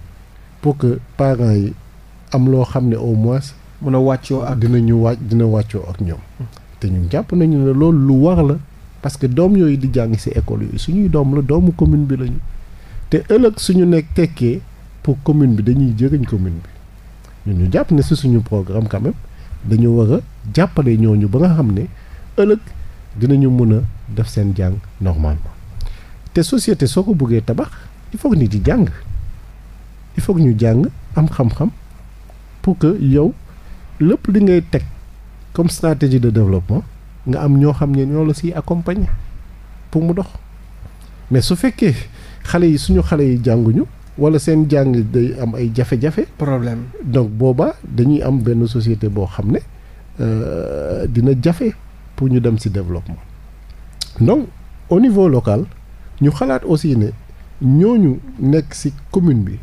pour que parents yi am loo xam ne au moins. mun a wàccoo ak dinañu wàcc dina wàccoo ak ñoom te ñu jàpp nañu ne loolu lu war la parce que doom yooyu di jàng ci école yooyu suñuy doom la doomu commune bi lañu te ëllëg suñu nekk tekkee pour commune bi dañuy jëriñ commune bi ñu ñu jàpp ne ci suñu programme quand même dañu war a jàppale ñooñu ba nga xam ne ëllëg dinañu mën a def seen jàng normalement te société soo ko bëggee tabax il faut que nit yi jàng il faut ñu jàng am xam-xam pour que yow lépp li ngay teg comme stratégie de développement nga am ñoo xam ne ñoo la siy accompagner pour mu dox mais su fekkee xale yi suñu xale yi jànguñu wala seen jàng day am ay jafe-jafe. donc boobaa dañuy am benn société boo xam ne euh, dina jafe pour ñu dem ci développement donc au niveau local ñu xalaat aussi ne ñooñu nekk ci commune bi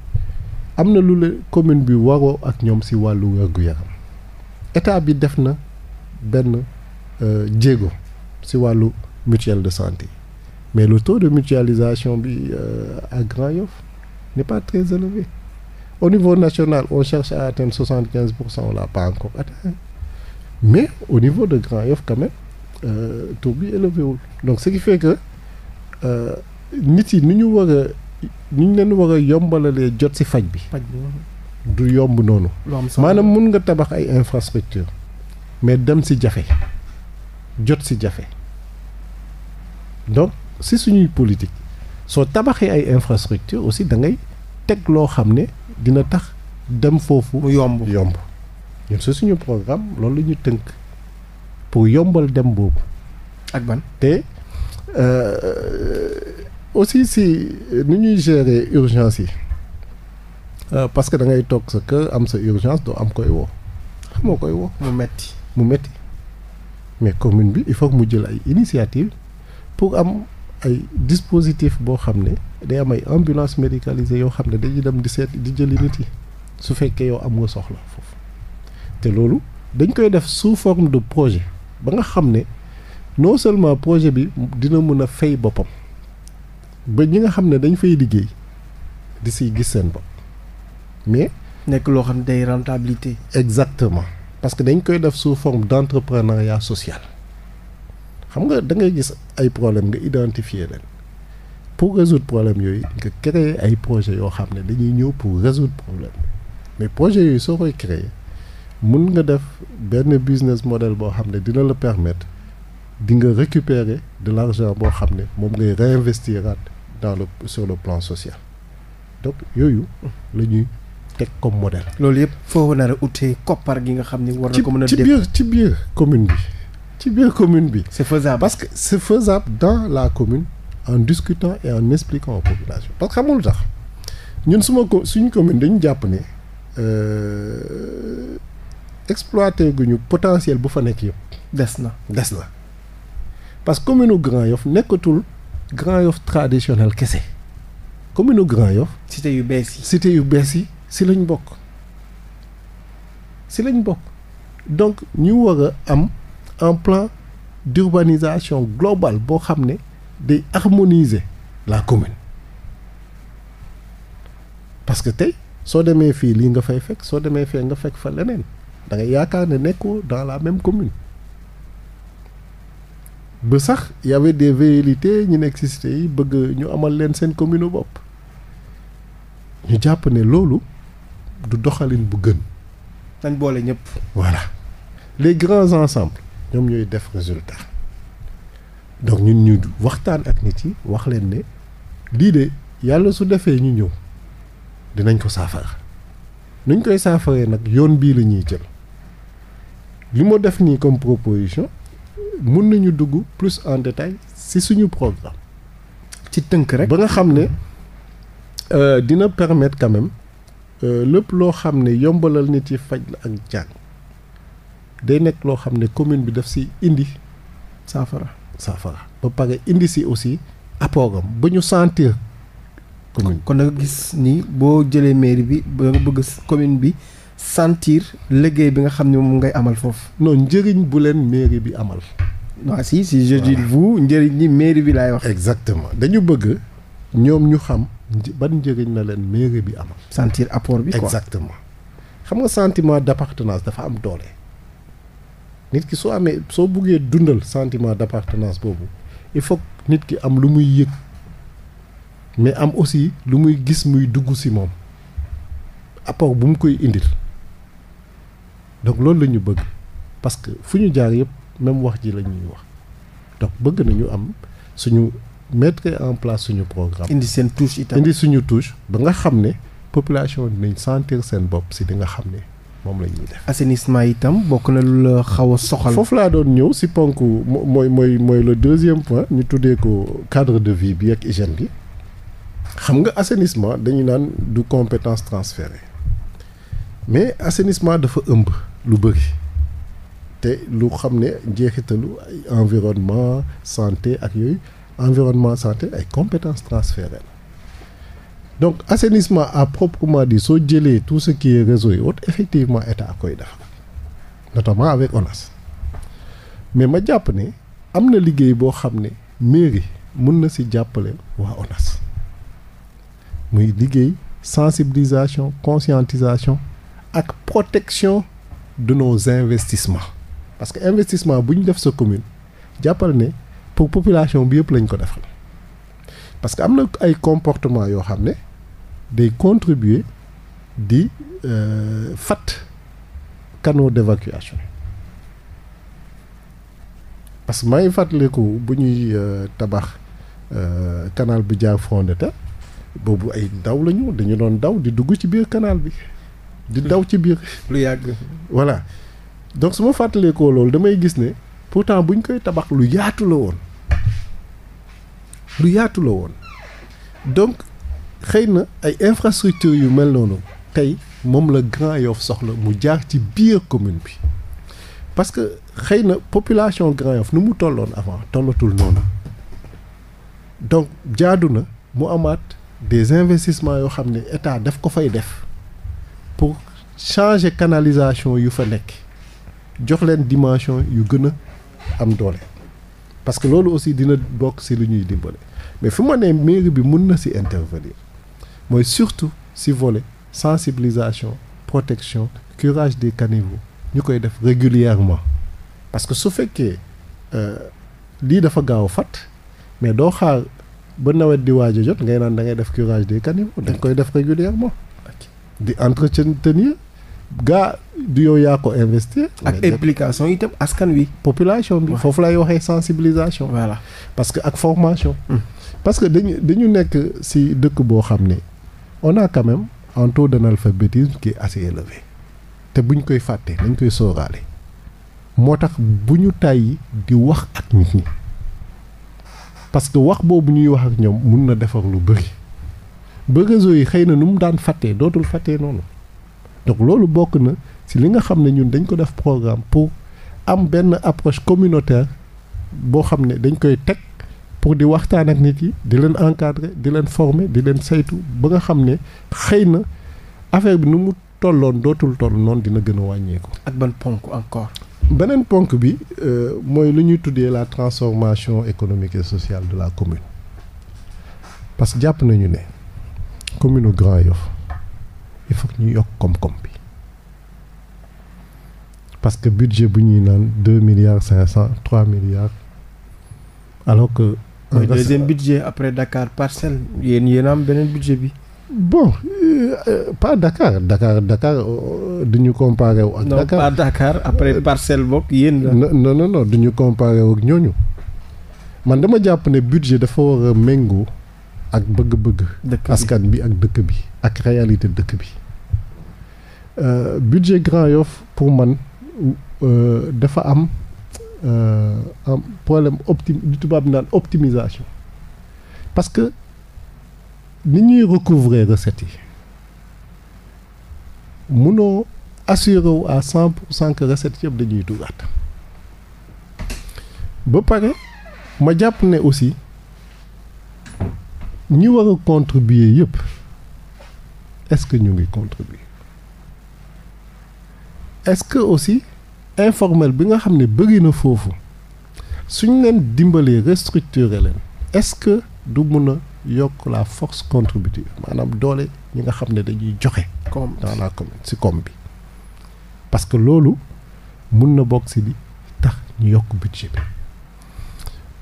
am na lu la commune bi waroo ak ñoom ci wàllu wérgu yaram état bi def na benn euh, jéego si wàllu mutuelle de santé mais le taux de mutualisation bi euh, à Grand-Yoff n'est pas très élevé au niveau national on cherche à atteindre soixante quinze pour cent on l'a pas encore atteint mais au niveau de Grand-Yoff quand même euh, bi élevé wul donc ce qui fait que euh, nit yi ni ñu war a ni ñu leen war a yombalalee jot si faj bi. du yomb noonu. maanaam mun nga tabax ay infrastructure mais dem si jafe jot si jafe donc si suñuy politique soo tabaxee ay infrastructure aussi da ngay teg loo xam ne dina tax dem foofu. yomb yomb. ñun si suñu programme loolu la ñu tënk pour yombal dem boobu. ak ban te euh, aussi si nu ñuy gérer urgence yi. Euh, parce que da ngay toog sa kër am sa urgence doo am koy woo xamoo koy woo. mu metti mu metti mais commune bi il faut mu jël ay initiative pour am ay dispositif boo xam ne day am ay ambulance médicalisée yoo xam ne dañuy dem di seet di jëli nit yi su fekkee yow am nga soxla foofu te loolu dañ koy def sous forme de projet ba nga xam ne non seulement projet bi dina mën a fay boppam ba ñi nga xam ne dañ fay liggéey di si gis seen bopp mais. nekk loo xam ne day rentabilité. exactement parce que dañ koy def sous forme d' entrepreneuriat social xam nga da ngay gis ay problème nga identifier leen pour résoudre problème yooyu nga créer ay projet yoo xam ne dañuy ñëw pour résoudre problème mais projet yooyu soo koy créer mun nga def benn business model boo xam ne dina la permettre di nga récupérer de l' argent boo xam ne moom ngay réinvestiraat dans le sur le plan social donc yooyu la teg comme modèle. loolu yëpp foo nar a utee nga xam ni war na ko mën a. ci biir ci biir commune bi ci biir commune bi. c'est faisable parce que c'est faisable dans la commune en discutant et en expliquant aux populations parce que xam tax ñun suma ko suñu commune dañu jàpp ne euh, exploité guñu potentiel bu fa nekk yëpp. des na des na parce que commune Grand Yoff nekkatul Grand Yoff traditionnel kese commune Grand Yoff. cité yu bees yi. ci lañ bokk si lañ bokk donc ñu war a am un plan d'urbanisation globale boo xam ne day harmoniser la commune parce que tey soo demee fii lii nga fay fekk soo demee fee nga fekk fa leneen da nga yaakaar ne nekkoo dans la même commune ba sax y avait des velléités ñu nekk ci cité yi bëgg ñu amal leen seen commune bopp ñu jàpp ne loolu du doxalin bu gën. dañ boole ñëpp. voilà les grands ensembles ñoom ñooy def résultat donc ñun ñu waxtaan ak nit yi wax leen ne lii de yàlla su defee ñu ñëw dinañ ko saafara nuñ koy saafaree nag yoon bii la ñuy jël li ma def nii comme proposition mun nañu dugg plus en détail si suñu programme. ci tënk rek ba nga xam ne euh, dina permettre quand Euh, lépp loo xam ne yombalal nit yi faj la ak jàng day nekk loo xam ne commune bi daf si indi saafara saafara ba pare indi si aussi apportam ba ñu sentir commune kon da nga gis ni boo jëlee mairie bi ba nga bëgg commune bi sentir liggéey bi nga xam ne moom ngay amal foofu noonu njëriñ bu leen mairie bi amal si si je njëriñ ñi mairie bi laay wax exactement dañu bëgg ñoom ñu xam ban njëriñ na leen mairie bi am. sentir apport bi ko exactement. xam nga sentiment d'appartenance dafa am doole nit ki soo amee soo buggee dundal sentiment d'appartenance boobu il faut nit ki am lu muy yëg mais am aussi lu muy gis muy dugg si moom apport bu mu koy indil donc loolu la ñu bëgg parce que fu ñu jaar yëpp même wax ji la ñuy wax donc bëgg nañu am suñu. mettre en place suñu programme. indi seen touche itam indi suñu touche ba nga xam ne population dinañ sentir seen bopp si di nga xam ne moom la ñuy def. assainissement itam bokk na lu la xaw a soxal. foofu laa doon ñëw si ponk mooy mooy mooy le deuxième point ñu tuddee ko cadre de vie bi ak hygiène bi xam nga assainissement dañu naan du compétence transférée mais assainissement dafa ëmb lu bëri te lu xam ne njeexitalu ay environnement santé ak yooyu. environnement santé ay compétence transférées la donc assainissement à proprement dit soo jëlee tout ce qui est réseau yi effectivement état koy def notamment avec ONAS mais ma jàpp ne am na liggéey boo xam ne mairie mun na si jàppale waa ONAS muy liggéey sensibilisation conscientisation ak protection de nos investissements parce que investissement bu ñu def sa commune jàppale ne population bi yëpp lañ ko defal parce que am na ay comportement yoo xam ne day contribuer di euh, fat canaux d'évacuation parce que maa ngi fàttaliku bu ñuy euh, tabax euh, canal bu jaar Front de Terre boobu ay ndaw lañu dañu doon daw di dugg ci biir kanaal bi di daw ci biir lu yàgg voilà donc su ma fàttaleekoo loolu damay gis ne pourtant bu ñu koy tabax lu yaatu la woon lu yaatu la woon donc xëy na ay infrastructures yu mel noonu tey moom la Grand Yoff soxla mu jaar ci biir commune bi parce que xëy na population Grand Yoff nu mu tolloon avant tollatul noonu donc jaadu na mu amaat des investissements yoo xam ne état daf ko fay def pour changer canalisation yu fa nekk jox leen dimension yu gën a am doole parce que loolu aussi dina bokk ci lu ñuy dimbale mais fu ma nee mairie bi mun na si intervenir mooy surtout si volet sensibilisation protection curage de caniveaux ñu koy def régulièrement parce que su fekkee euh, lii dafa gaaw fat mais doo xaar ba nawet di waaj a jot ngay naan da ngay def curage de caniveaux dañ koy def régulièrement di entretenir gaa du yow yaa ko investir. ak implication itam askan wi. population bi foofu lay waxee sensibilisation. voilà parce que ak formation. Hmm. parce que dañu dañu nekk si dëkk boo xam ne on a quand même un taux d'analphabétisme qui est te buñ koy fàtte dañ koy sóoraale moo tax bu ñu tàyyi di wax ak nit ñi parce que wax boobu ñuy wax ak ñoom mun na defar lu bëri ba yi xëy na nu mu daan fàttee dootul fàttee noonu donc loolu bokk na si li nga xam ne ñun dañ ko def programme pour am benn approche communautaire boo xam ne dañ koy teg pour di waxtaan ak nit yi di leen encadrer di leen former di leen saytu ba nga xam ne xëy na affaire bi nu mu tolloon dootul toll noonu dina gën a wàññeeku. ak ban ponk encore. beneen ponk bi euh, mooy lu ñuy tuddee la transformation économique et sociale de la commune parce que jàpp nañu ne commune u Grand Yoff il faut que ñu yokk koom-koom bi parce que budget bu ñuy naan deux milliards cinq cent trois milliards alors mooy ah, deuxième budget après Dakar parcelle yéen yéen am beneen budget bi. bon euh, euh pas Dakar Dakar Dakar euh, duñu comparé wu ak. Dakar pas Dakar après euh, parcelle book yéen la. non non non duñu comparé wu ak ñooñu man dama jàpp ne budget dafa war a méngoo ak bëgg-bëgg. askan bi ak dëkk bi ak réalité dëkk bi. budget Grand Yoff pour man dafa am Euh, am problème opti du tubaab naan optimisation parce que ni ñuy recouvrer recettes yi munoo assuré wu à cent pour cent que recettes yëpp dañuy dugaat ba pare ma jàpp ne aussi ñi war contribuer yëpp est-ce que ñu ngi contribuer est-ce que aussi informel bi nga xam ne bëri na foofu suñ leen dimbalee restructurer leen est-ce que du mun a yokk la force contributive maanaam doole ñi nga xam ne dañuy joxe. comme dans la si comme bi. parce que loolu mun na bokk si li tax ñu yokk budget bi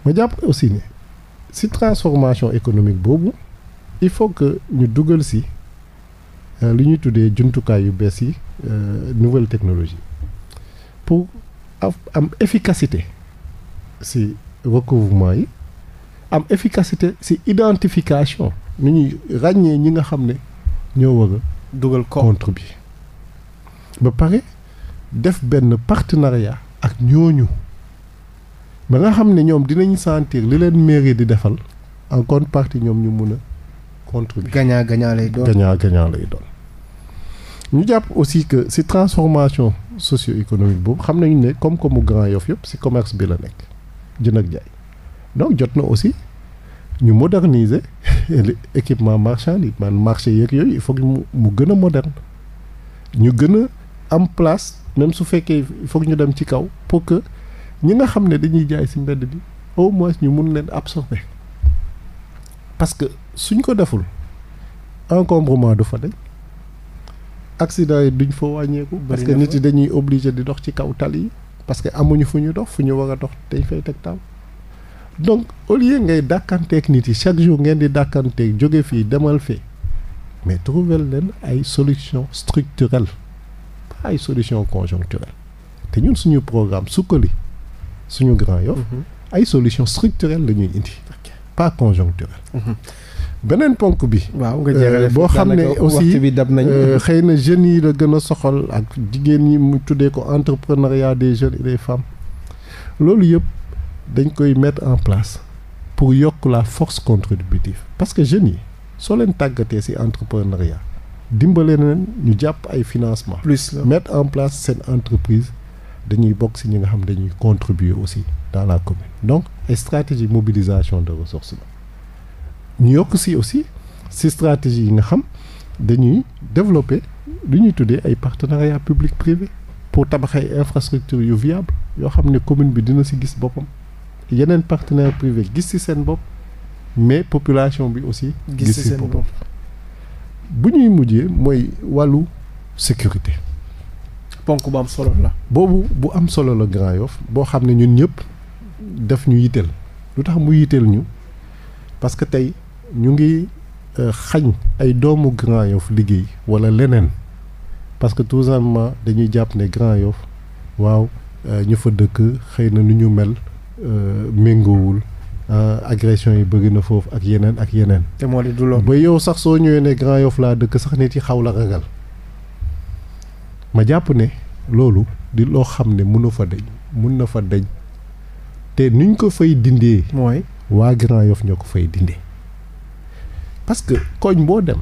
ma jàpp aussi ne si transformation économique boobu il faut que ñu dugal si euh, li ñuy tuddee jumtukaay yu bees yi euh, nouvelle technologie. pour am efficacité si recouvrement yi am efficacité si identification ñu ñuy ràññee ñi nga xam ne ñoo war a dugal contribuer ba pare def benn partenariat ak ñooñu ba nga xam ne ñoom dinañu sentir li leen mairie di defal en contrepartie ñoom ñu mun a contribuer gagnant gagnant lay doon gagnant gagnant ñu jàpp aussi que si transformation socio-économique boobu xam nañu ne koom-koomu Grand Yoff yëpp ci commerce bi la nekk jën ak jaay donc jot na aussi ñu moderniser équipement marchand yi man marché yeeg yooyu il faut que mu gën a moderne ñu gën a am place même su fekkee il ñu dem ci kaw pour que ñi nga xam ne dañuy jaay ci mbedd bi au moins ñu mun leen absorber parce que suñ ko deful encombrement du fa dañ accident yi duñ foo wàññeeku. parce que nit yi dañuy obligé di dox ci kaw tali yi. parce que amuñu fu ñu dox fu ñu war a dox dañ fay teg taw donc au lieu ngay dàkkanteeg nit yi chaque jour ngeen di dàkkanteeg jóge fii demal fee mais trouver leen ay solution structurelle pas ay solution conjoncturelle te ñun suñu programme sukkali suñu Grand Yoff mhm. ay solution structurelle la ñuy indi pas conjoncturelle mhm. beneen ponk bi. waaw euh, boo xam ne aussi bi dab nañ euh, xëy na jeunes yi la gën a soxal ak jigéen ñi mu tuddee ko entrepreneuriat des jeunes et des femmes loolu yëpp dañ koy mettre en place pour yokk la force contributive parce que jeunes yi soo leen tàggatee ci entrepreneuriat dimbale leen ñu jàpp ay financement plus la en place seen entreprise dañuy bokk ci ñi nga xam dañuy contribuer aussi dans la commune donc ay stratégie mobilisation de ressources la ñu yokk si aussi si stratégie yi nga xam dañuy développé lu ñuy tuddee ay partenariat public privé pour tabax ay infrastructure yu viable yoo xam ne commune bi dina si gis boppam yeneen partenaire privé gis si seen bopp mais population bi aussi gis si boppam bu ñuy mujjee mooy wàllu sécurité ponk bu am solo la boobu bu am solo la Grand Yoff boo xam ne ñun ñëpp daf ñu yitteel lu tax mu yitteel ñu parce tey ñu ngi euh, xañ ay doomu Grand Yoff liggéey wala leneen parce que tout simplement dañuy jàpp ne Grand Yoff waaw euh, ñu fa dëkk xëy na nu ñu mel euh, méngoowul agression yi bëgg na foofu ak yeneen ak yeneen. te du loolu ba yow sax soo ñëwee ne Grand Yoff laa dëkk sax nit yi xaw la ragal ma jàpp ne loolu di loo xam ne mun na fa daj mun na fa daj te nuñ ko fay dindee. mooy waa Grand Yoff ñoo ko fay dindee. parce que koñ boo dem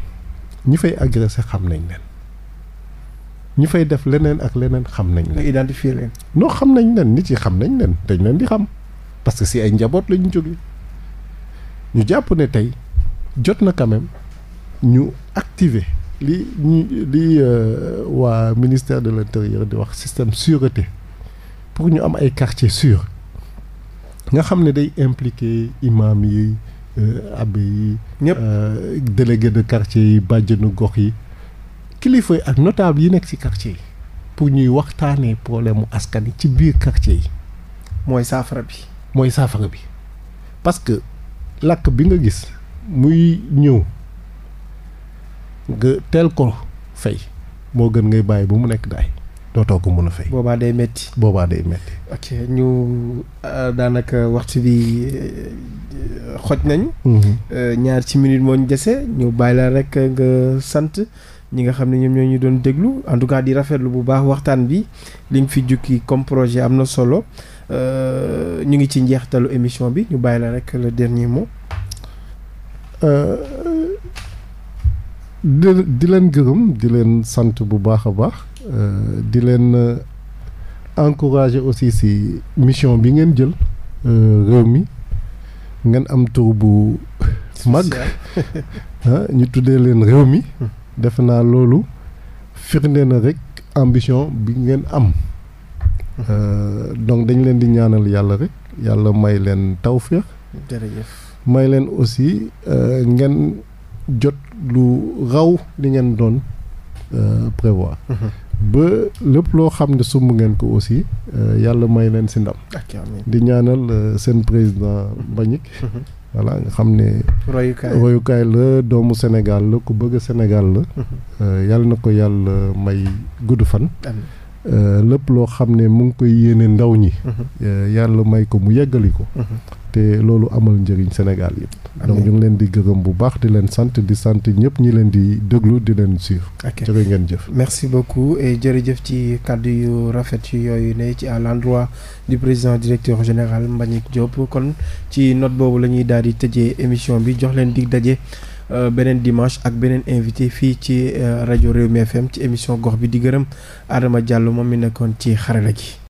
ñi fay agressé xam nañ leen ñi fay def leneen ak leneen xam nañ leen. identifier leen. xam nañ leen nit yi xam nañ leen dañ leen di xam parce que si ay njaboot la ñu jóge ñu jàpp ne tey jot na quand même ñu activer li ñu li euh, waa ministère de l'intérieur di wax système sûreté pour ñu am ay quartiers sûrs nga xam ne day impliquer imam yi. Euh, abbé yi. ñëpp euh, délégué de quartier yi bàjjenu gox yi kilifa ak notable yi nekk ci quartier yi pour ñuy waxtaane problème mu askan yi ci biir quartier yi. mooy saafara bi. mooy saafara bi parce que làkk bi nga gis muy ñëw nga teel ko fay moo gën ngay bàyyi bu mu nekk daay. dootoo ko mën a fay. boobaa day metti boobaa day metti ok ñu euh, daanaka waxtu bi euh, xoj nañu. Mm-hmm. Euh, ñaar ci minute moo ñu dese ñu bàyyi la rek nga sant ñi nga xam ne ñoom ñoo ñu doon déglu en tout cas di rafetlu bu baax waxtaan bi li nga fi jukki comme projet am na solo ñu ngi ci njeextalu émission bi ñu bàyyi la rek le dernier mot. di di leen gërëm di leen sant bu baax a baax euh, di leen euh, encourager aussi si mission bi ngeen jël euh, réew mi ngeen am tur bu mag ah, ñu tuddee leen réew mi defe naa loolu firnde na rek ambition bi ngeen am hmm. donc dañ leen di ñaanal yàlla rek yàlla may leen tawféex jërëjëf may leen aussi ngeen jot lu raw li ngeen doon euh, prévoir. Mhm. ba lépp loo xam ne sumb ngeen ko aussi euh, yàlla may leen si ndam. di ñaanal euh, seen président Mbagnick. Mhm. voilà nga xam ne. royukaay royukaay la doomu Sénégal la ku bëgg Sénégal la. Mhm. yàlla na ko yàlla may gudd fan. lépp loo xam ne mu ngi koy yéene ndaw ñi. yàlla may ko mu yeggali ko. te loolu amal njëriñ Sénégal yëpp. donc ñu ngi leen di gërëm bu baax di leen sant di sant ñëpp ñi leen di déglu di leen suivre. ok jërë ngeen jëf. merci beaucoup jërëjëf ci kàddu yu rafet yu yooyu ne ci à l'endroit du président directeur général Mbagnick Diop kon ci note boobu la ñuy daal di tëjee émission bi jox leen dig daje. Euh, beneen dimanche ak beneen invité fii ci euh, rajo Rewmi FM ci émission gox bi di gërëm Adama Diallo moom mi nekkoon ci xarala ji